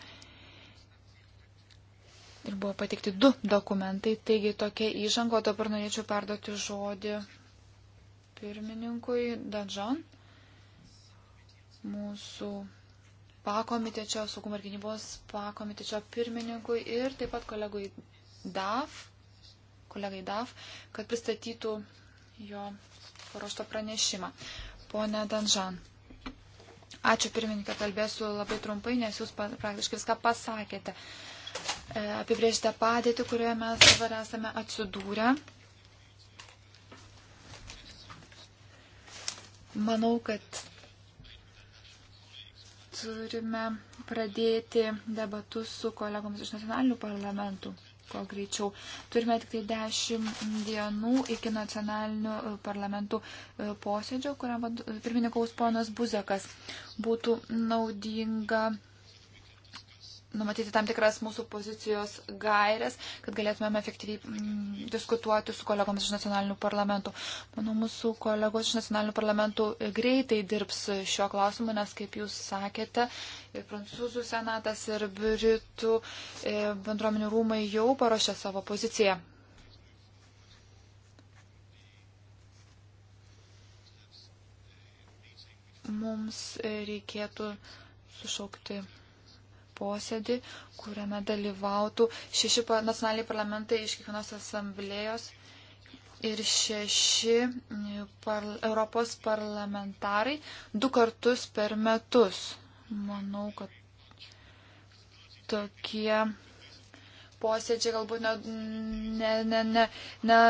ir buvo pateikti du dokumentai. Taigi tokia įžango, dabar norėčiau perduoti žodį pirmininkui Danžan, mūsų pakomitečio, saugumo ir gynybos pakomitečio pirmininkui ir taip pat kolegui DAF, kolegai DAF, kad pristatytų jo paruoštą pranešimą. Pone Danžan. Ačiū pirmininkė, kalbėsiu labai trumpai, nes jūs praktiškai viską pasakėte. Uh, E, apibrėžtą padėtį, kurioje mes dabar esame atsidūrę. Manau, kad turime pradėti debatus su kolegomis iš nacionalinių parlamentų. Kuo greičiau. Turime tik tai 10 dienų iki nacionalinių e, parlamentų e, posėdžio, kuriam pirmininkaus ponas Buzekas būtų naudinga numatyti tam tikras mūsų pozicijos gairias, kad galėtumėm efektyviai mm, diskutuoti su kolegomis iš nacionalinių parlamentų. Manau, mūsų kolegos iš nacionalinių parlamentų greitai dirbs šiuo klausimu, nes, kaip jūs sakėte, ir prancūzų senatas, ir britų e, bendruomenių rūmai jau paruošė savo poziciją. Mums e, reikėtų sušaukti posėdį, kuriame dalyvautų šeši nacionaliniai parlamentai iš kiekvienos asamblėjos ir šeši mm, par, Europos parlamentarai du kartus per metus. Manau, kad tokie posėdžiai galbūt ne, ne, ne, ne, ne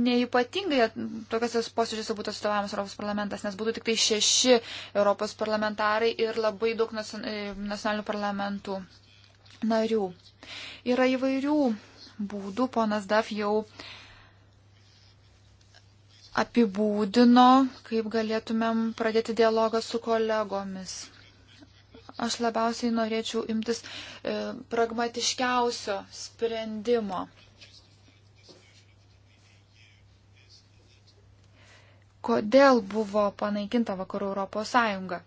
neipatingai tokiuose posėdžiuose būtų atstovavimas Europos parlamentas, nes būtų tik tai šeši Europos parlamentarai ir labai daug e, nacionalinių parlamentų narių. Yra įvairių būdų, ponas Daf jau apibūdino, kaip galėtumėm pradėti dialogą su kolegomis. Aš labiausiai norėčiau imtis e, pragmatiškiausio sprendimo. kodėl buvo panaikinta Vakarų Europos Sąjunga.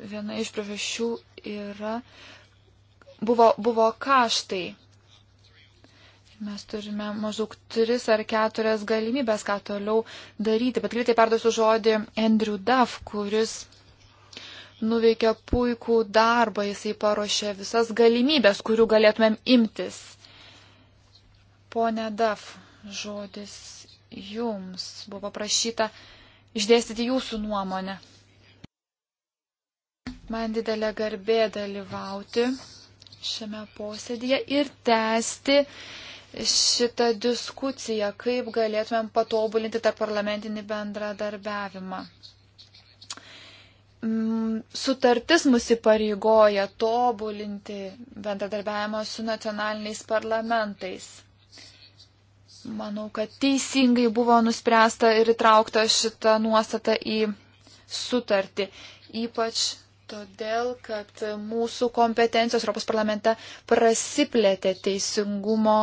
Viena iš priežasčių yra, buvo, buvo kaštai. Mes turime maždaug tris ar keturias galimybės, ką toliau daryti. Bet greitai perduosiu žodį Andrew Duff, kuris nuveikė puikų darbą, jisai paruošė visas galimybės, kurių galėtumėm imtis. Pone Daf, žodis jums buvo prašyta išdėstyti jūsų nuomonę. Man didelė garbė dalyvauti šiame posėdėje ir tęsti šitą diskusiją, kaip galėtumėm patobulinti tą parlamentinį bendradarbiavimą. Mm, sutartis mus įpareigoja tobulinti bendradarbiavimą su nacionaliniais parlamentais. Manau, kad teisingai buvo nuspręsta ir įtraukta šita nuostata į sutartį. Ypač todėl, kad mūsų kompetencijos Europos parlamente prasiplėtė teisingumo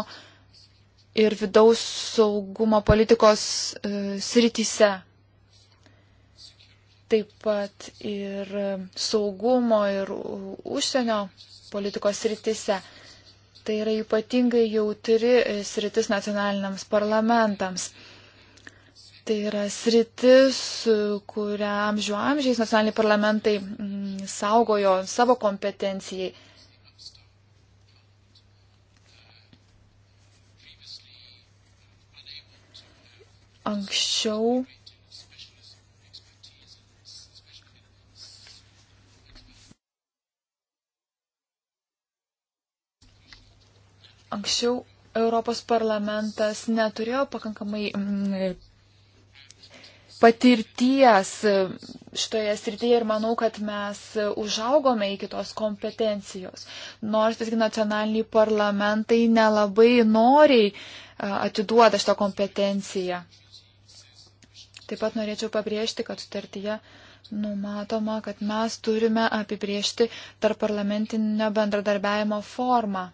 ir vidaus saugumo politikos e, srityse. Taip pat ir saugumo ir užsienio politikos srityse. Tai yra ypatingai jautri e, sritis nacionaliniams parlamentams. Tai yra sritis, e, kurią amžių amžiais nacionaliniai parlamentai mm, saugojo savo kompetencijai. Anksčiau Anksčiau Europos parlamentas neturėjo pakankamai mm, patirties e, šitoje srityje ir manau, kad mes užaugome iki tos kompetencijos. Nors visgi nacionaliniai parlamentai nelabai noriai e, atiduoda šitą kompetenciją. Taip pat norėčiau pabrėžti, kad sutartyje numatoma, kad mes turime apibriežti tarp parlamentinio bendradarbiajimo formą.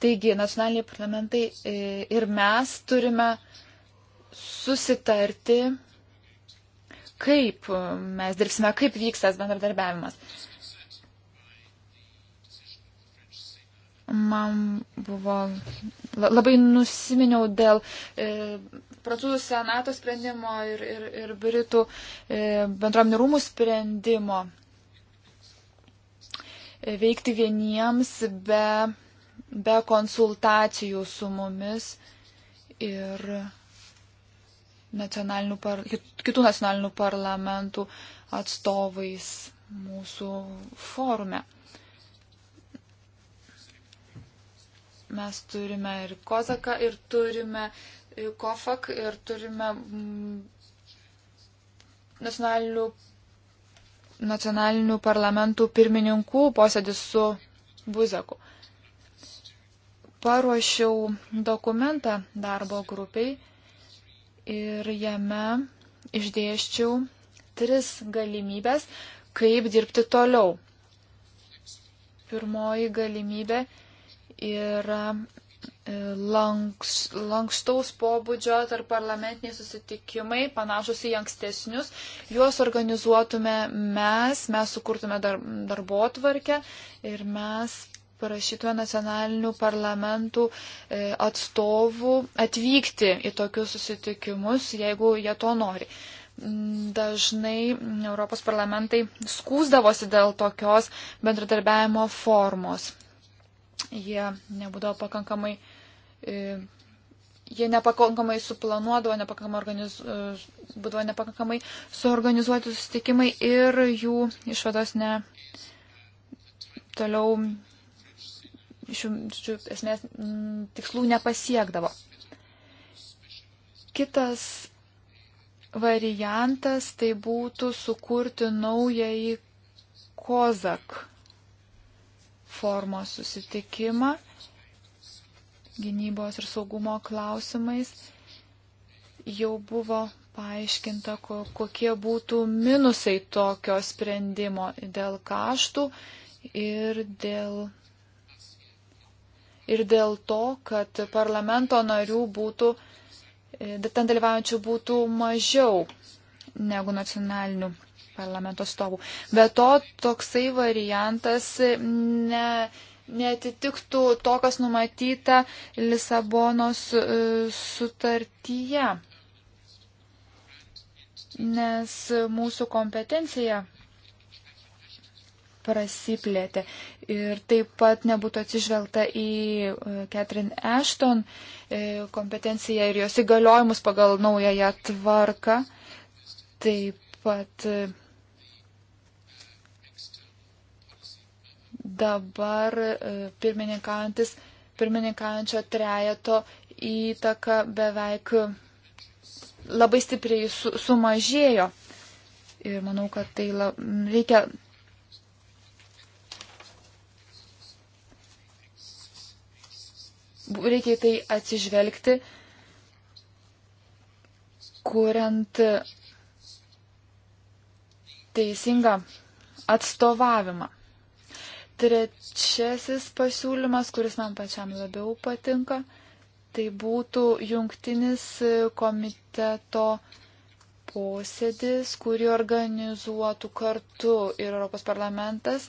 Taigi, nacionaliniai parlamentai e, ir mes turime susitarti, kaip mes dirbsime, kaip vyks tas bendradarbiavimas. Man buvo labai nusiminiau dėl e, prancūzų senato sprendimo ir, ir, ir britų e, bendruomenių rūmų sprendimo e, veikti vieniems be be konsultacijų su mumis ir nacionalinių par, kitų nacionalinių parlamentų atstovais mūsų forume. Mes turime ir Kozaką, ir turime Kofak, ir turime mm, nacionalinių, nacionalinių parlamentų pirmininkų posėdį su Buzeku paruošiau dokumentą darbo grupiai ir jame išdėščiau tris galimybės, kaip dirbti toliau. Pirmoji galimybė yra e, lanks, lankstaus pobūdžio tarp parlamentiniai susitikimai, panašus į ankstesnius. Juos organizuotume mes, mes sukurtume dar, darbo tvarkę ir mes prašytoje nacionalinių parlamentų e, atstovų atvykti į tokius susitikimus, jeigu jie to nori. Mm, dažnai Europos parlamentai skūsdavosi dėl tokios bendradarbiavimo formos. Jie nebūdavo pakankamai e, jie nepakankamai suplanuodavo, nepakankamai organiz... E, būdavo nepakankamai suorganizuoti susitikimai ir jų išvados ne toliau šių, šių esmės m, mm, tikslų nepasiekdavo. Kitas variantas tai būtų sukurti naująjį kozak formos susitikimą gynybos ir saugumo klausimais. Jau buvo paaiškinta, kokie būtų minusai tokio sprendimo dėl kaštų ir dėl ir dėl to, kad parlamento narių būtų, e, ten dalyvaujančių būtų mažiau negu nacionalinių parlamento stovų. Be to, toksai variantas ne, netitiktų to, kas numatyta Lisabonos e, sutartyje, nes mūsų kompetencija prasiplėtė. Ir taip pat nebūtų atsižvelgta į e, Catherine Ashton e, kompetenciją ir jos įgaliojimus pagal naująją tvarką. Taip pat e, dabar pirmininkaujantis, pirmininkaujančio trejeto įtaka beveik labai stipriai su, sumažėjo. Ir manau, kad tai la, reikia reikia į tai atsižvelgti, kuriant teisingą atstovavimą. Trečiasis pasiūlymas, kuris man pačiam labiau patinka, tai būtų jungtinis komiteto posėdis, kurį organizuotų kartu ir Europos parlamentas,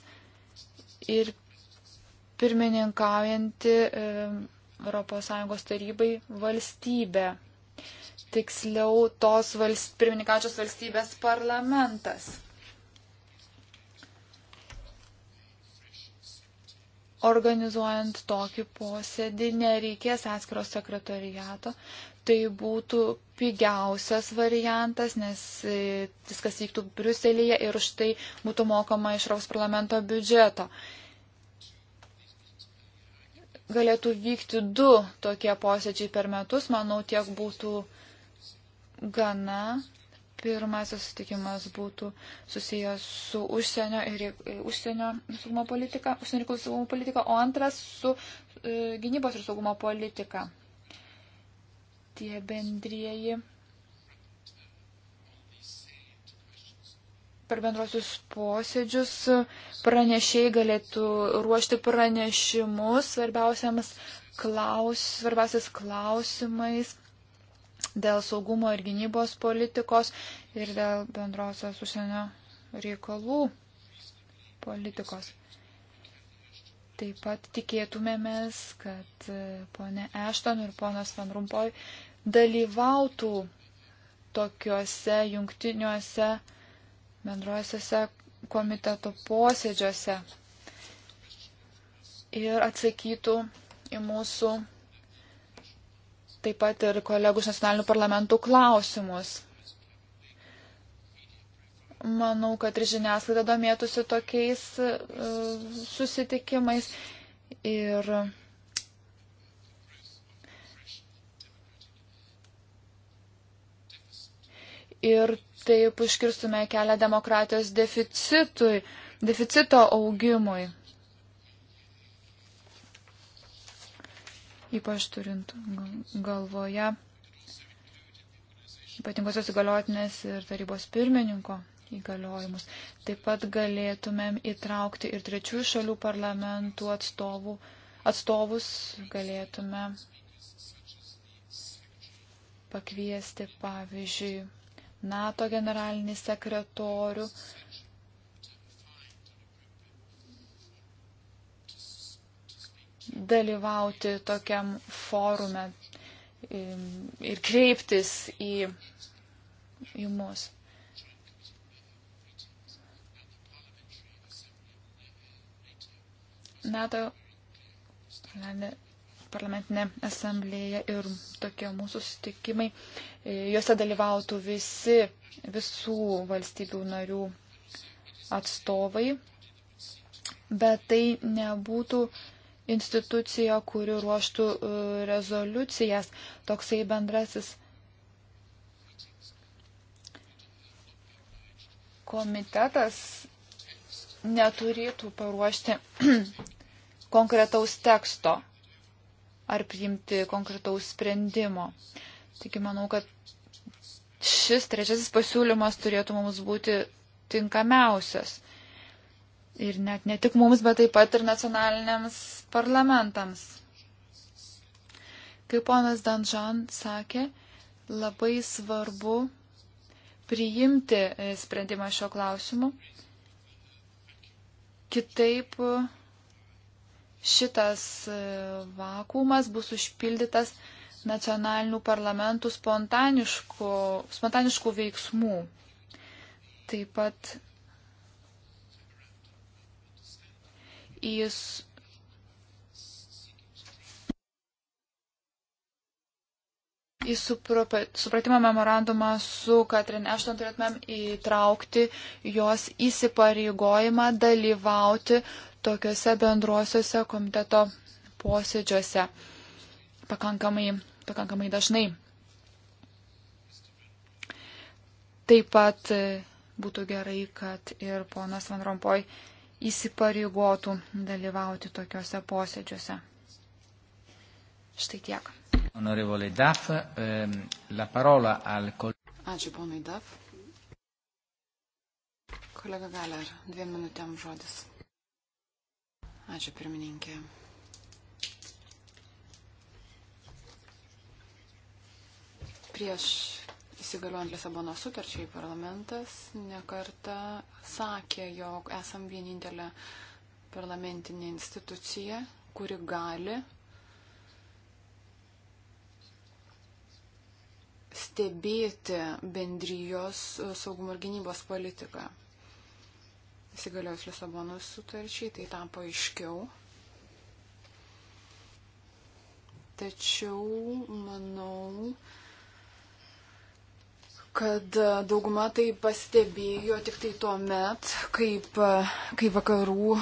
ir pirmininkaujanti ES tarybai valstybė. Tiksliau, tos valst, pirmininkačios valstybės parlamentas. Organizuojant tokį posėdį nereikės atskiro sekretariato, tai būtų pigiausias variantas, nes e, viskas vyktų Briuselėje ir už tai būtų mokama iš Europos parlamento biudžeto galėtų vykti du tokie posėdžiai per metus, manau, tiek būtų gana. Pirmasis susitikimas būtų susijęs su užsienio ir e, užsienio saugumo politika, užsienio reikalų saugumo politika, o antras su e, gynybos ir saugumo politika. Tie bendrieji per bendrosius posėdžius pranešiai galėtų ruošti pranešimus svarbiausiams klaus, svarbiausias klausimais dėl saugumo ir gynybos politikos ir dėl bendrosios užsienio reikalų politikos. Taip pat tikėtumėmės, kad ponė Ešton ir ponas Van Rumpoj dalyvautų tokiuose jungtiniuose bendruosiuose komiteto posėdžiuose ir atsakytų į mūsų taip pat ir kolegų iš nacionalinių parlamentų klausimus. Manau, kad ir žiniasklaida domėtųsi tokiais uh, susitikimais ir Ir taip užkirstume kelią demokratijos deficitui, deficito augimui. Ypač turint galvoje ypatingosios įgaliotinės ir tarybos pirmininko įgaliojimus. Taip pat galėtumėm įtraukti ir trečių šalių parlamentų atstovų, atstovus, galėtume pakviesti, pavyzdžiui, NATO generalinį sekretorių. dalyvauti tokiam forume ir kreiptis į, į mus. NATO parlamentinė asamblėja ir tokie mūsų susitikimai, e, juose dalyvautų visi, visų valstybių narių atstovai, bet tai nebūtų institucija, kuri ruoštų e, rezoliucijas, toksai bendrasis komitetas neturėtų paruošti [clears throat] konkretaus teksto ar priimti konkretaus sprendimo. Taigi manau, kad šis trečiasis pasiūlymas turėtų mums būti tinkamiausias. Ir net ne tik mums, bet taip pat ir nacionaliniams parlamentams. Kaip ponas Danžan sakė, labai svarbu priimti sprendimą šio klausimu. Kitaip šitas e, vakumas bus užpildytas nacionalinių parlamentų spontaniškų, spontaniškų veiksmų. Taip pat jis. Į supratimo memorandumą su Katrin Ešton turėtumėm įtraukti jos įsipareigojimą dalyvauti tokiuose bendruosiuose komiteto posėdžiuose pakankamai, pakankamai dažnai. Taip pat e, būtų gerai, kad ir ponas Van Rompoj įsipareigotų dalyvauti tokiuose posėdžiuose. Štai tiek. Ehm, Ačiū ponui Daf. Kolega Galer, dviem minutėm žodis. Ačiū pirmininkė. Prieš įsigaliuojant Lisabono sutarčiai parlamentas nekarta sakė, jog esam vienintelė parlamentinė institucija, kuri gali stebėti bendrijos saugumo ir gynybos politiką įsigaliojus Lisabonos sutarčiai, tai tampa aiškiau. Tačiau manau, kad dauguma tai pastebėjo tik tai tuo met, kaip, kai vakarų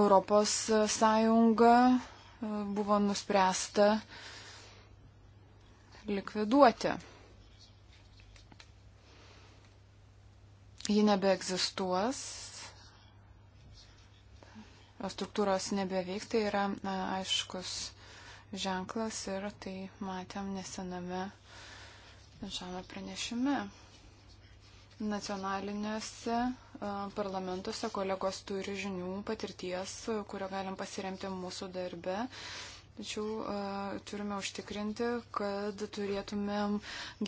Europos sąjunga e, buvo nuspręsta likviduoti. ji nebeegzistuos, struktūros nebeveiks, tai yra na, aiškus ženklas ir tai matėm nesename žemė pranešime. Nacionalinėse parlamentuose kolegos turi žinių, patirties, kurio galim pasiremti mūsų darbe Tačiau uh, turime užtikrinti, kad turėtumėm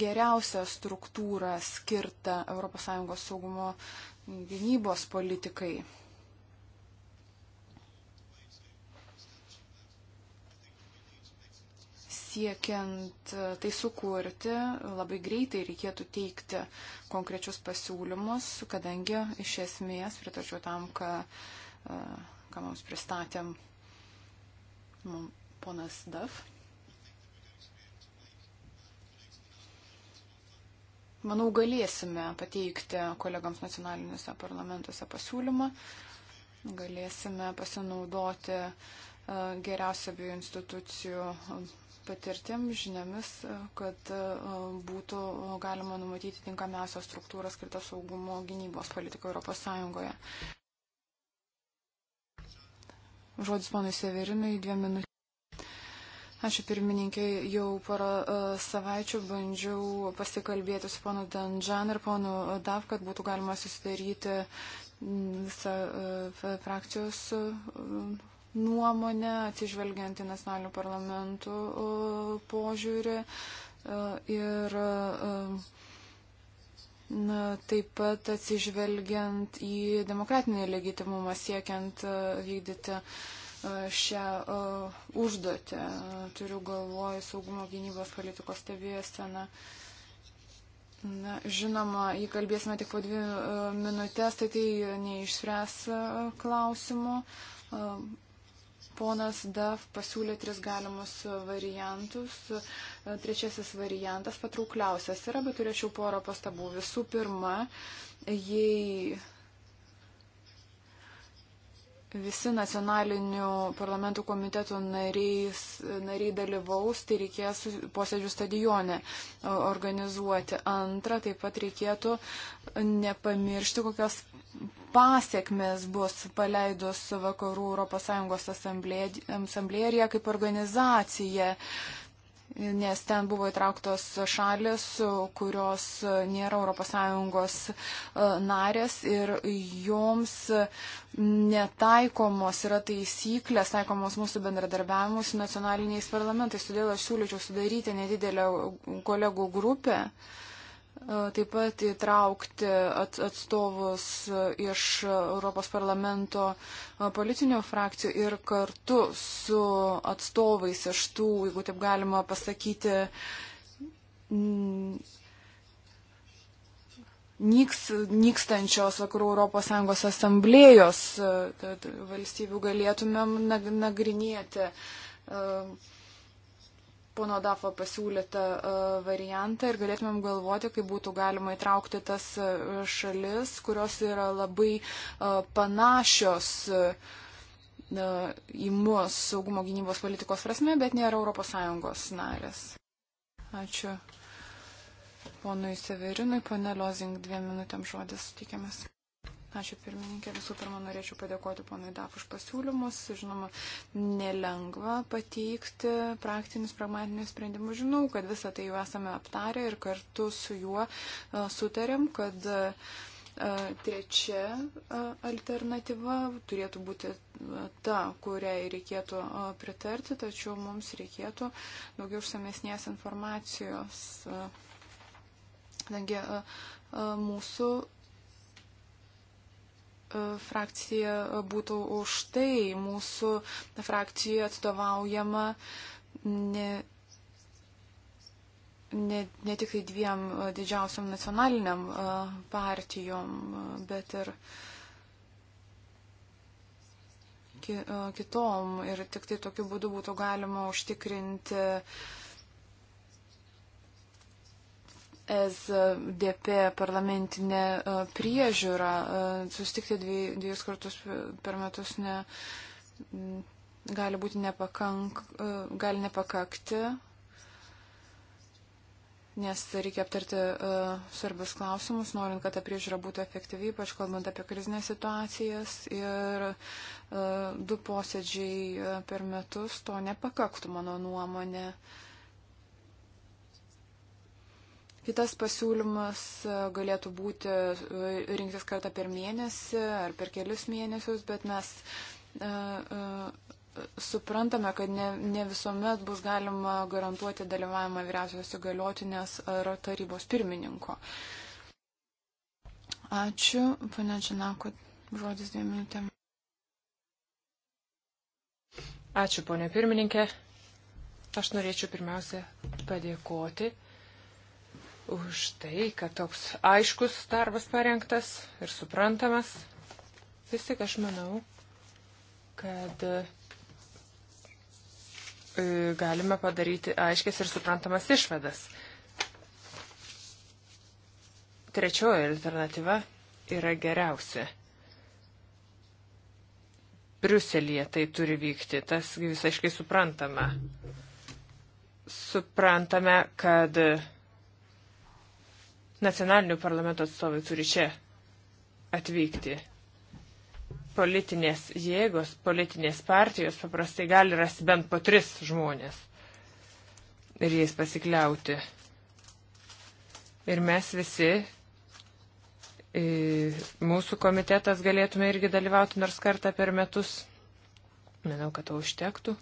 geriausią struktūrą skirtą ES saugumo gynybos politikai. Siekiant e, tai sukurti, labai greitai reikėtų teikti konkrečius pasiūlymus, kadangi iš esmės pritačiau tam, ką, e, ką mums pristatėm mums ponas Daf. Manau, galėsime pateikti kolegams nacionaliniuose parlamentuose pasiūlymą, galėsime pasinaudoti e, geriausią abiejų institucijų e, patirtim, žiniomis, e, kad būtų galima numatyti tinkamiausią struktūrą skirtą saugumo gynybos politiką Europos Sąjungoje. Žodis ponui Severinui, dviem minutėm. Ačiū pirmininkė, jau porą e, savaičių bandžiau pasikalbėti su ponu Danžan ir ponu Dav, kad būtų galima susidaryti visą e, frakcijos e, nuomonę, atsižvelgiant į nacionalinių parlamentų požiūrį. Ir, Na, taip pat atsižvelgiant į demokratinį legitimumą siekiant vykdyti uh, E, šią e, užduotį. Turiu galvoj saugumo gynybos politikos stebėseną. Na, žinoma, jei kalbėsime tik po dvi e, minutės, tai tai neišspręs klausimų. Ponas Dav pasiūlė tris galimus variantus. Trečiasis variantas patraukliausias yra, bet turėčiau porą pastabų. Visų pirma, jei visi nacionalinių parlamentų komitetų nariais, nariai dalyvaus, tai reikės posėdžių stadione organizuoti. Antra, taip pat reikėtų nepamiršti, kokios pasiekmes bus paleidus vakarų ES asamblėje kaip organizacija. Uh, nes ten buvo įtrauktos šalis, kurios nėra ES e, narės ir joms netaikomos yra taisyklės, taikomos mūsų bendradarbiavimus su nacionaliniais parlamentais. Todėl aš siūlyčiau sudaryti nedidelę kolegų grupę Taip pat įtraukti atstovus iš Europos parlamento politinių frakcijų ir kartu su atstovais iš tų, jeigu taip galima pasakyti, nyks, nykstančios Vakarų Europos Sąjungos asamblėjos valstybių galėtumėm nagrinėti. Uh, pono Dafo pasiūlytą e, variantą ir galėtumėm galvoti, kaip būtų galima įtraukti tas e, šalis, kurios yra labai e, panašios į mus saugumo gynybos politikos prasme, bet nėra ES narės. Ačiū. Ponui Severinui, ponė Lozing, dviem minutėm žodis sutikiamas. Ačiū pirmininkė. Visų pirma, norėčiau padėkoti ponui DAF už pasiūlymus. Žinoma, nelengva pateikti praktinius, pragmatinius sprendimus. Žinau, kad visą tai jau esame aptarę ir kartu su juo e, sutarėm, kad e, e, trečia alternatyva turėtų būti ta, kuriai reikėtų pritarti, tačiau mums reikėtų daugiau užsamesnės informacijos. Kadangi mūsų frakcija būtų už tai. Mūsų frakcija atstovaujama ne, ne, ne tik tai dviem didžiausiam nacionaliniam partijom, bet ir kitom. Ir tik tai tokiu būdu būtų galima užtikrinti uh, SDP parlamentinė e, priežiūra. E, Sustikti dviejus kartus per metus ne, gali būti nepakank, e, gali nepakakti, nes reikia aptarti uh, svarbius klausimus, norint, kad ta priežiūra būtų efektyvi, ypač kalbant apie krizinės situacijas. Ir uh, du posėdžiai per metus to nepakaktų, mano nuomonė. Uh, Kitas pasiūlymas e, galėtų būti e, rinktis kartą per mėnesį ar per kelius mėnesius, bet mes e, suprantame, kad ne, ne visuomet bus galima garantuoti dalyvavimą vyriausios įgaliotinės ar tarybos pirmininko. Ačiū, pane Činako, žodis dviem minutėm. Ačiū, ponė pirmininkė. Aš norėčiau pirmiausia padėkoti už tai, kad toks aiškus darbas parengtas ir suprantamas. Vis tik aš manau, kad e, galime padaryti aiškės ir suprantamas išvadas. Trečioji alternatyva yra geriausia. Briuselėje tai turi vykti, tas visaiškai suprantama. Suprantame, kad nacionalinių parlamento atstovai turi čia atvykti. Politinės jėgos, politinės partijos paprastai gali rasti bent po tris žmonės ir jais pasikliauti. Ir mes visi, mūsų komitetas galėtume irgi dalyvauti nors kartą per metus. Manau, kad to užtektų.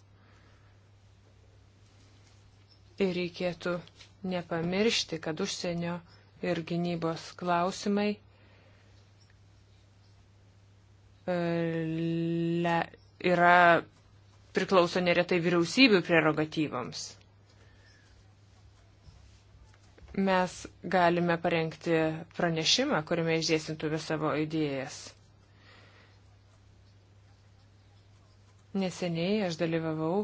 Ir reikėtų nepamiršti, kad užsienio ir gynybos klausimai e, le, yra priklauso neretai vyriausybių prerogatyvams. Mes galime parengti pranešimą, kuriame išdėsintume savo idėjas. Neseniai aš dalyvavau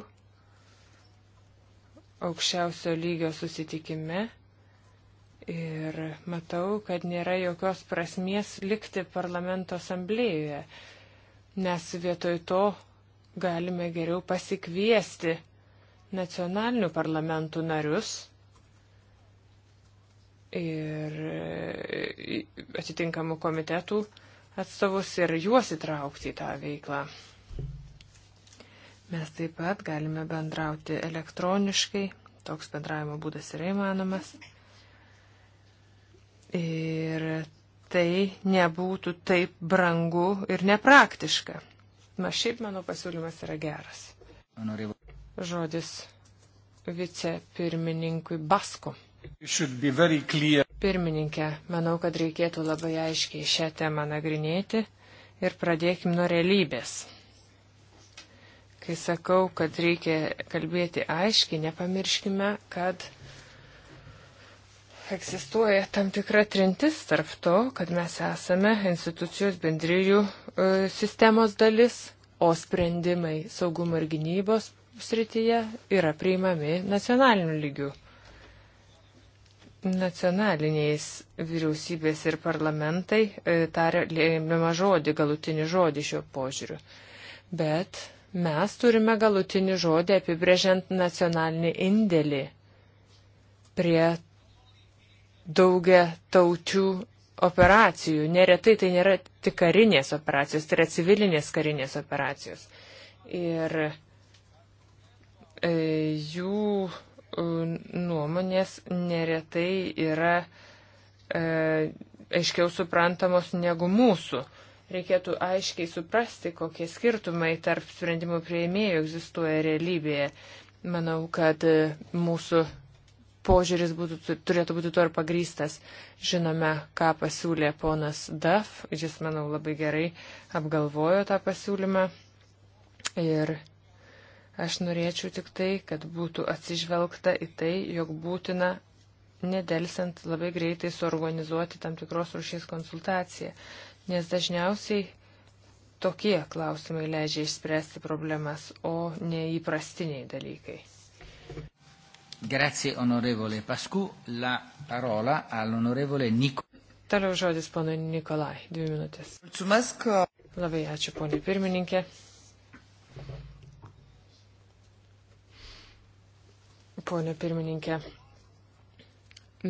aukščiausio lygio susitikime Ir matau, kad nėra jokios prasmės likti parlamento asamblėjoje, nes vietoj to galime geriau pasikviesti nacionalinių parlamentų narius ir e, atitinkamų komitetų atstovus ir juos įtraukti į tą veiklą. Mes taip pat galime bendrauti elektroniškai, toks bendravimo būdas yra įmanomas ir tai nebūtų taip brangu ir nepraktiška. Na šiaip mano pasiūlymas yra geras. Žodis vicepirmininkui Basku. Pirmininkė, manau, kad reikėtų labai aiškiai šią temą nagrinėti ir pradėkim nuo realybės. Kai sakau, kad reikia kalbėti aiškiai, nepamirškime, kad egzistuoja tam tikra trintis tarp to, kad mes esame institucijos bendryjų e, sistemos dalis, o sprendimai saugumo ir gynybos srityje yra priimami nacionaliniu lygiu. Nacionaliniais vyriausybės ir parlamentai e, taria lėmimą žodį, galutinį žodį šiuo požiūriu. Bet mes turime galutinį žodį apibrėžiant nacionalinį indėlį prie daugia taučių operacijų. Neretai tai nėra tik karinės operacijos, tai yra civilinės karinės operacijos. Ir e, jų nuomonės neretai yra e, aiškiau suprantamos negu mūsų. Reikėtų aiškiai suprasti, kokie skirtumai tarp sprendimų prieimėjų egzistuoja realybėje. Manau, kad e, mūsų požiūris būtų, turėtų būti tuo ir pagrystas. Žinome, ką pasiūlė ponas Daf, jis, manau, labai gerai apgalvojo tą pasiūlymą. Ir aš norėčiau tik tai, kad būtų atsižvelgta į tai, jog būtina nedelsiant labai greitai suorganizuoti tam tikros rušys konsultaciją, nes dažniausiai tokie klausimai leidžia išspręsti problemas, o neįprastiniai dalykai. Grazie, onorevole Pasku. La parola all'onorevole Niko. Toliau žodis ponui Nikolai. Dvi minutės. Mulțumesc. Labai ačiū, ponė pirmininkė. Pone pirmininkė,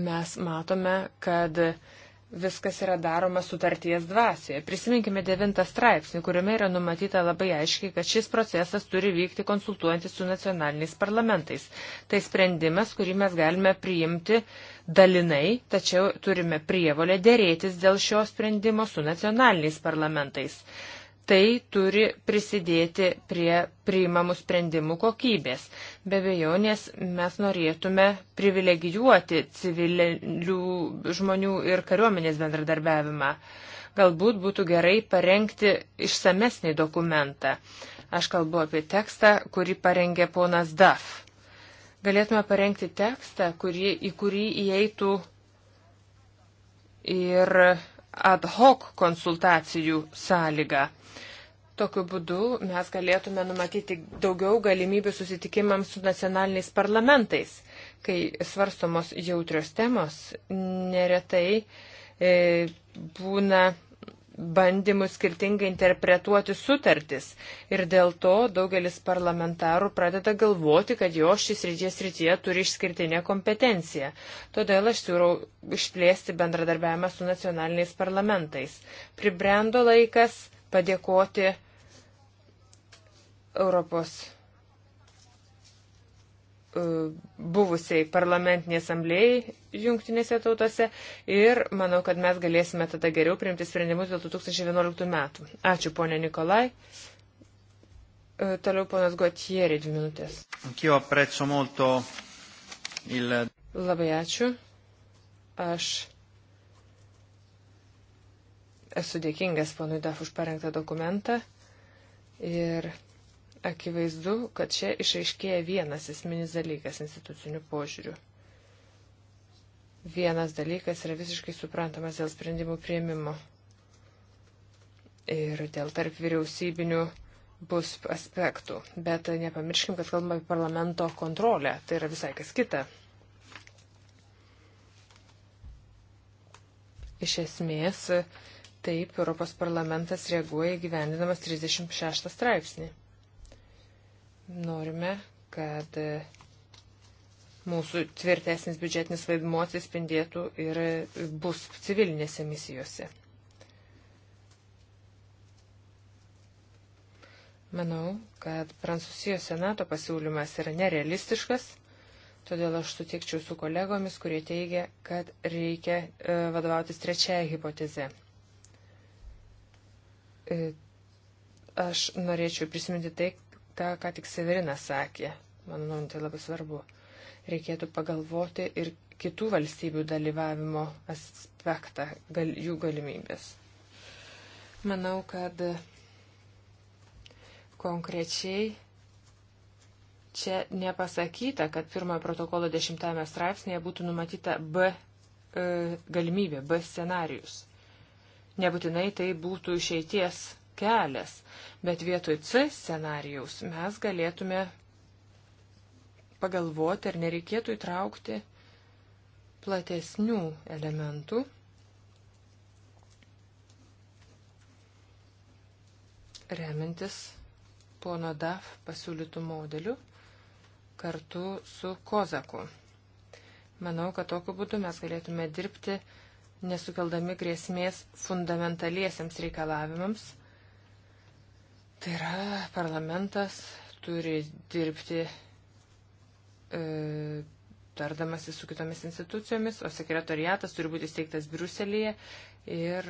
mes matome, kad viskas yra daroma sutarties dvasioje. Prisiminkime devintą straipsnį, kuriame yra numatyta labai aiškiai, kad šis procesas turi vykti konsultuojantis su nacionaliniais parlamentais. Tai sprendimas, kurį mes galime priimti dalinai, tačiau turime prievolę dėrėtis dėl šio sprendimo su nacionaliniais parlamentais tai turi prisidėti prie priimamų sprendimų kokybės. Be bejonės mes norėtume privilegijuoti civilių žmonių ir kariuomenės bendradarbiavimą. Galbūt būtų gerai parengti išsamesnį dokumentą. Aš kalbu apie tekstą, kurį parengė ponas Daf. Galėtume parengti tekstą, kurį, į kurį įeitų ir ad hoc konsultacijų sąlygą. Tokiu būdu mes galėtume numatyti daugiau galimybių susitikimams su nacionaliniais parlamentais, kai svarstomos jautrios temos neretai e, būna bandymų skirtingai interpretuoti sutartis. Ir dėl to daugelis parlamentarų pradeda galvoti, kad jo šis ryties rytyje turi išskirtinę kompetenciją. Todėl aš siūlau išplėsti bendradarbiavimą su nacionaliniais parlamentais. Pribrendo laikas padėkoti Europos E, buvusiai parlamentiniai asamblėjai jungtinėse tautose ir manau, kad mes galėsime tada geriau priimti sprendimus dėl 2011 metų. Ačiū, ponė Nikolai. E, toliau ponas Gotieri, dvi minutės. Labai ačiū. Aš esu dėkingas ponui DAF už parengtą dokumentą ir akivaizdu, kad čia išaiškėja vienas esminis dalykas institucinių požiūrių. Vienas dalykas yra visiškai suprantamas dėl sprendimų prieimimo. Ir dėl tarp vyriausybinių bus aspektų. Bet nepamirškim, kad kalbame apie parlamento kontrolę. Tai yra visai kas kita. Iš esmės, taip Europos parlamentas reaguoja gyvendinamas 36 straipsnį. Norime, kad e, mūsų tvirtesnis biudžetinis vaidmuo atsispindėtų ir bus civilinėse misijose. Manau, kad Prancūzijos senato pasiūlymas yra nerealistiškas, todėl aš sutikčiau su kolegomis, kurie teigia, kad reikia e, vadovautis trečiaja hipoteze. E, aš norėčiau prisiminti tai, tą, ką tik Severinas sakė. Manau, man tai labai svarbu. Reikėtų pagalvoti ir kitų valstybių dalyvavimo aspektą, gal, jų galimybės. Manau, kad konkrečiai čia nepasakyta, kad pirmojo protokolo dešimtame straipsnėje būtų numatyta B e, galimybė, B scenarius. Nebūtinai tai būtų išeities kelias, bet vietoj C scenarijaus mes galėtume pagalvoti, ar nereikėtų įtraukti platesnių elementų. Remintis pono DAF pasiūlytų modelių kartu su Kozaku. Manau, kad tokiu būdu mes galėtume dirbti nesukeldami grėsmės fundamentaliesiams reikalavimams Tai yra, parlamentas turi dirbti e, tardamasi su kitomis institucijomis, o sekretariatas turi būti steigtas Bruselėje ir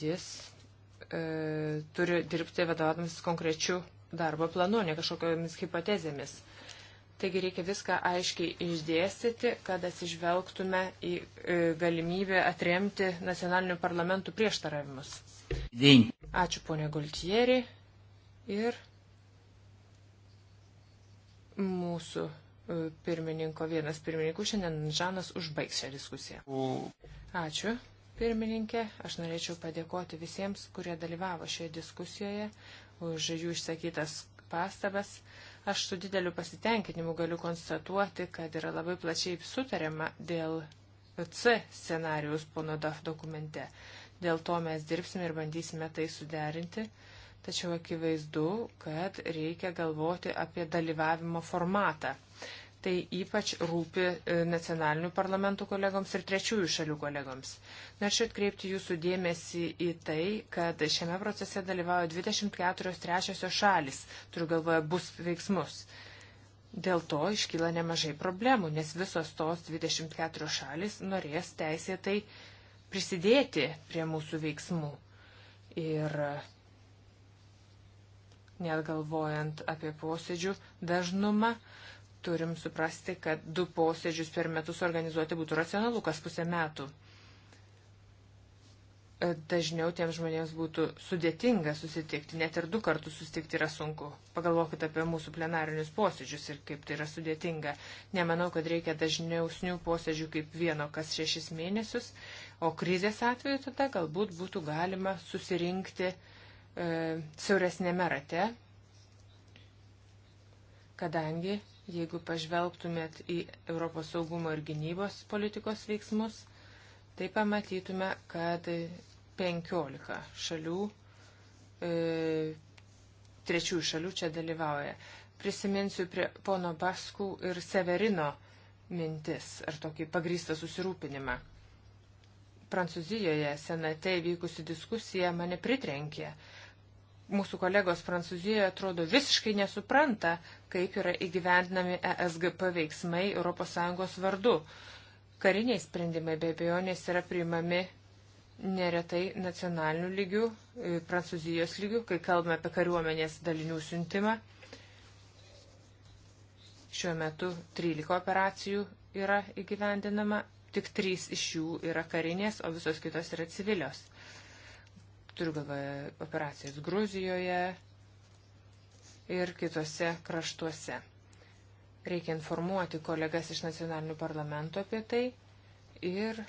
jis e, turi dirbti vadovavimasis konkrečiu darbo planu, ne kažkokiamis hipotezėmis. Taigi reikia viską aiškiai išdėstyti, kad atsižvelgtume į e, galimybę atremti nacionalinių parlamentų prieštaravimus. Dien. Ačiū ponė Gultieri ir mūsų e, pirmininko, vienas pirmininkų, šiandien Žanas užbaigs šią diskusiją. Ačiū, pirmininkė. Aš norėčiau padėkoti visiems, kurie dalyvavo šioje diskusijoje, už jų išsakytas pastabas. Aš su dideliu pasitenkinimu galiu konstatuoti, kad yra labai plačiai sutariama dėl C scenarius pono DAF dokumente. Dėl to mes dirbsime ir bandysime tai suderinti tačiau akivaizdu, kad reikia galvoti apie dalyvavimo formatą. Tai ypač rūpi e, nacionalinių parlamentų kolegoms ir trečiųjų šalių kolegoms. Norėčiau atkreipti jūsų dėmesį į tai, kad šiame procese dalyvauja 24 trečiosios šalis, turiu galvoje, bus veiksmus. Dėl to iškyla nemažai problemų, nes visos tos 24 šalis norės teisėtai prisidėti prie mūsų veiksmų. Ir net galvojant apie posėdžių dažnumą, turim suprasti, kad du posėdžius per metus organizuoti būtų racionalu kas pusę metų. E, dažniau tiems žmonėms būtų sudėtinga susitikti, net ir du kartus susitikti yra sunku. Pagalvokit apie mūsų plenarinius posėdžius ir kaip tai yra sudėtinga. Nemanau, kad reikia dažniausnių posėdžių kaip vieno kas šešis mėnesius, o krizės atveju tada galbūt būtų galima susirinkti uh, E, siauresnėme rate, kadangi jeigu pažvelgtumėt į Europos saugumo ir gynybos politikos veiksmus, tai pamatytume, kad 15 šalių, e, trečių šalių čia dalyvauja. Prisiminsiu prie pono Baskų ir Severino mintis ar tokį pagrįstą susirūpinimą. Prancūzijoje senate vykusi diskusija mane pritrenkė. E, mūsų kolegos Prancūzijoje atrodo visiškai nesupranta, kaip yra įgyvendinami ESGP veiksmai ES vardu. Kariniai sprendimai be abejonės yra priimami neretai nacionalinių lygių, e, Prancūzijos lygių, kai kalbame apie kariuomenės dalinių siuntimą. Šiuo metu 13 operacijų yra įgyvendinama, tik 3 iš jų yra karinės, o visos kitos yra civilios. Turiu galvoje operacijas Gruzijoje ir kitose kraštuose. Reikia informuoti kolegas iš nacionalinių parlamentų apie tai ir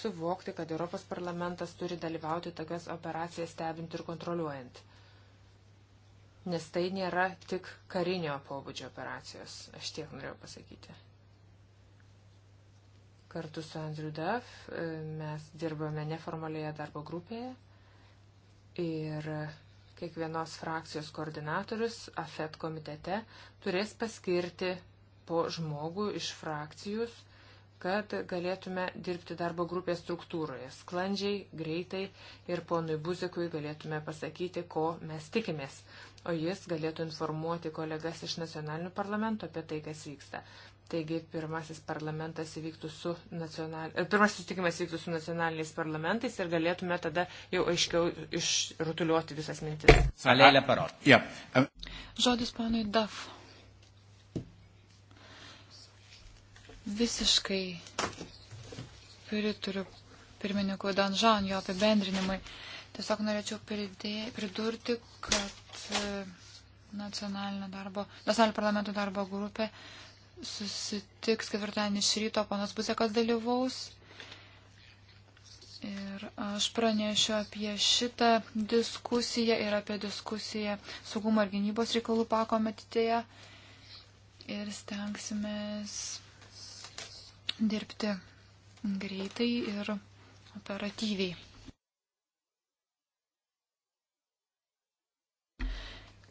suvokti, kad Europos parlamentas turi dalyvauti tokias operacijas stebint ir kontroliuojant. Nes tai nėra tik karinio pobūdžio operacijos, aš tiek norėjau pasakyti. Kartu su Andrew Duff e, mes dirbame neformalioje darbo grupėje ir kiekvienos frakcijos koordinatorius AFET komitete turės paskirti po žmogų iš frakcijus, kad galėtume dirbti darbo grupės struktūroje sklandžiai, greitai ir ponui Buzikui galėtume pasakyti, ko mes tikimės, o jis galėtų informuoti kolegas iš nacionalinių parlamentų apie tai, kas vyksta. Taigi pirmasis parlamentas įvyktų su nacional... E, pirmasis susitikimas įvyktų su nacionaliniais parlamentais ir galėtume tada jau aiškiau išrutuliuoti visas mintis. Salėlė parod. Yeah. Um. Žodis panui Daf. Visiškai prituriu pirmininkui Danžan jo apibendrinimui. Tiesiog norėčiau pridė, pridurti, kad e, nacionalinio, darbo, nacionalinio parlamento darbo grupė uh, susitiks ketvirtadienį iš ryto, panas Buzekas dalyvaus. Ir aš pranešiu apie šitą diskusiją ir apie diskusiją saugumo ir gynybos reikalų pakomitėje. Ir stengsimės dirbti greitai ir operatyviai.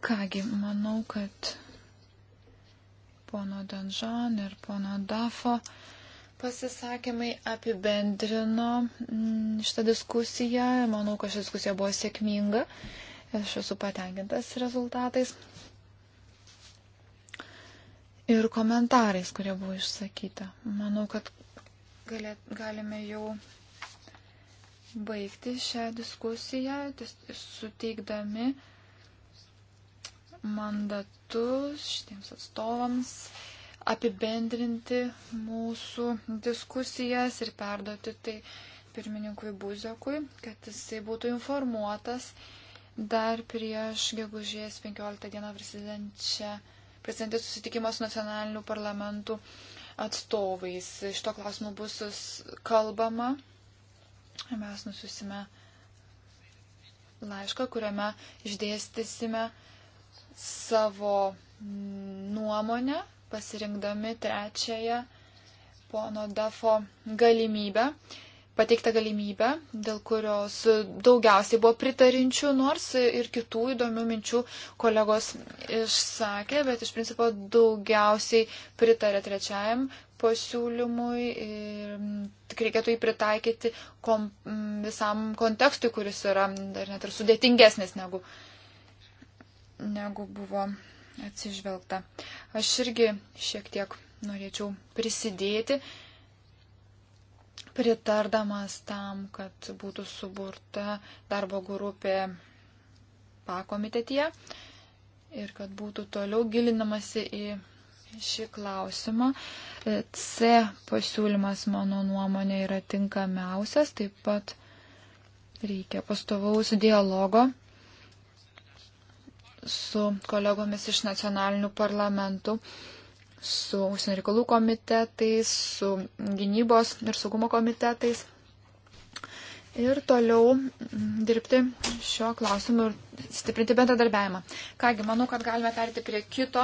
Kągi, manau, kad pono Danžan ir pono Dafo pasisakymai apibendrino mm, šitą diskusiją. Manau, kad ši diskusija buvo sėkminga. Aš esu patenkintas rezultatais ir komentarais, kurie buvo išsakyta. Manau, kad galėt, galime jau baigti šią diskusiją, suteikdami mandatus šitiems atstovams apibendrinti mūsų diskusijas ir perduoti tai pirmininkui Buzekui, kad jisai būtų informuotas dar prieš gegužės 15 dieną prezidentės susitikimą su nacionaliniu parlamentu atstovais. Šito klausimu bus kalbama. Mes nusiusime laišką, kuriame išdėstysime savo nuomonę, pasirinkdami trečiąją pono Dafo galimybę, pateiktą galimybę, dėl kurios daugiausiai buvo pritarinčių, nors ir kitų įdomių minčių kolegos išsakė, bet iš principo daugiausiai pritarė trečiajam pasiūlymui ir tik reikėtų jį pritaikyti kom, visam kontekstui, kuris yra dar net ir sudėtingesnis negu negu buvo atsižvelgta. Aš irgi šiek tiek norėčiau prisidėti, pritardamas tam, kad būtų suburta darbo grupė pakomitetie ir kad būtų toliau gilinamasi į šį klausimą. C pasiūlymas mano nuomonė yra tinkamiausias, taip pat reikia pastovaus dialogo su kolegomis iš nacionalinių parlamentų, su užsienio reikalų komitetais, su gynybos ir saugumo komitetais. Ir toliau dirbti šio klausimu ir stiprinti bendradarbiavimą. Kągi, manau, kad galime perėti prie kito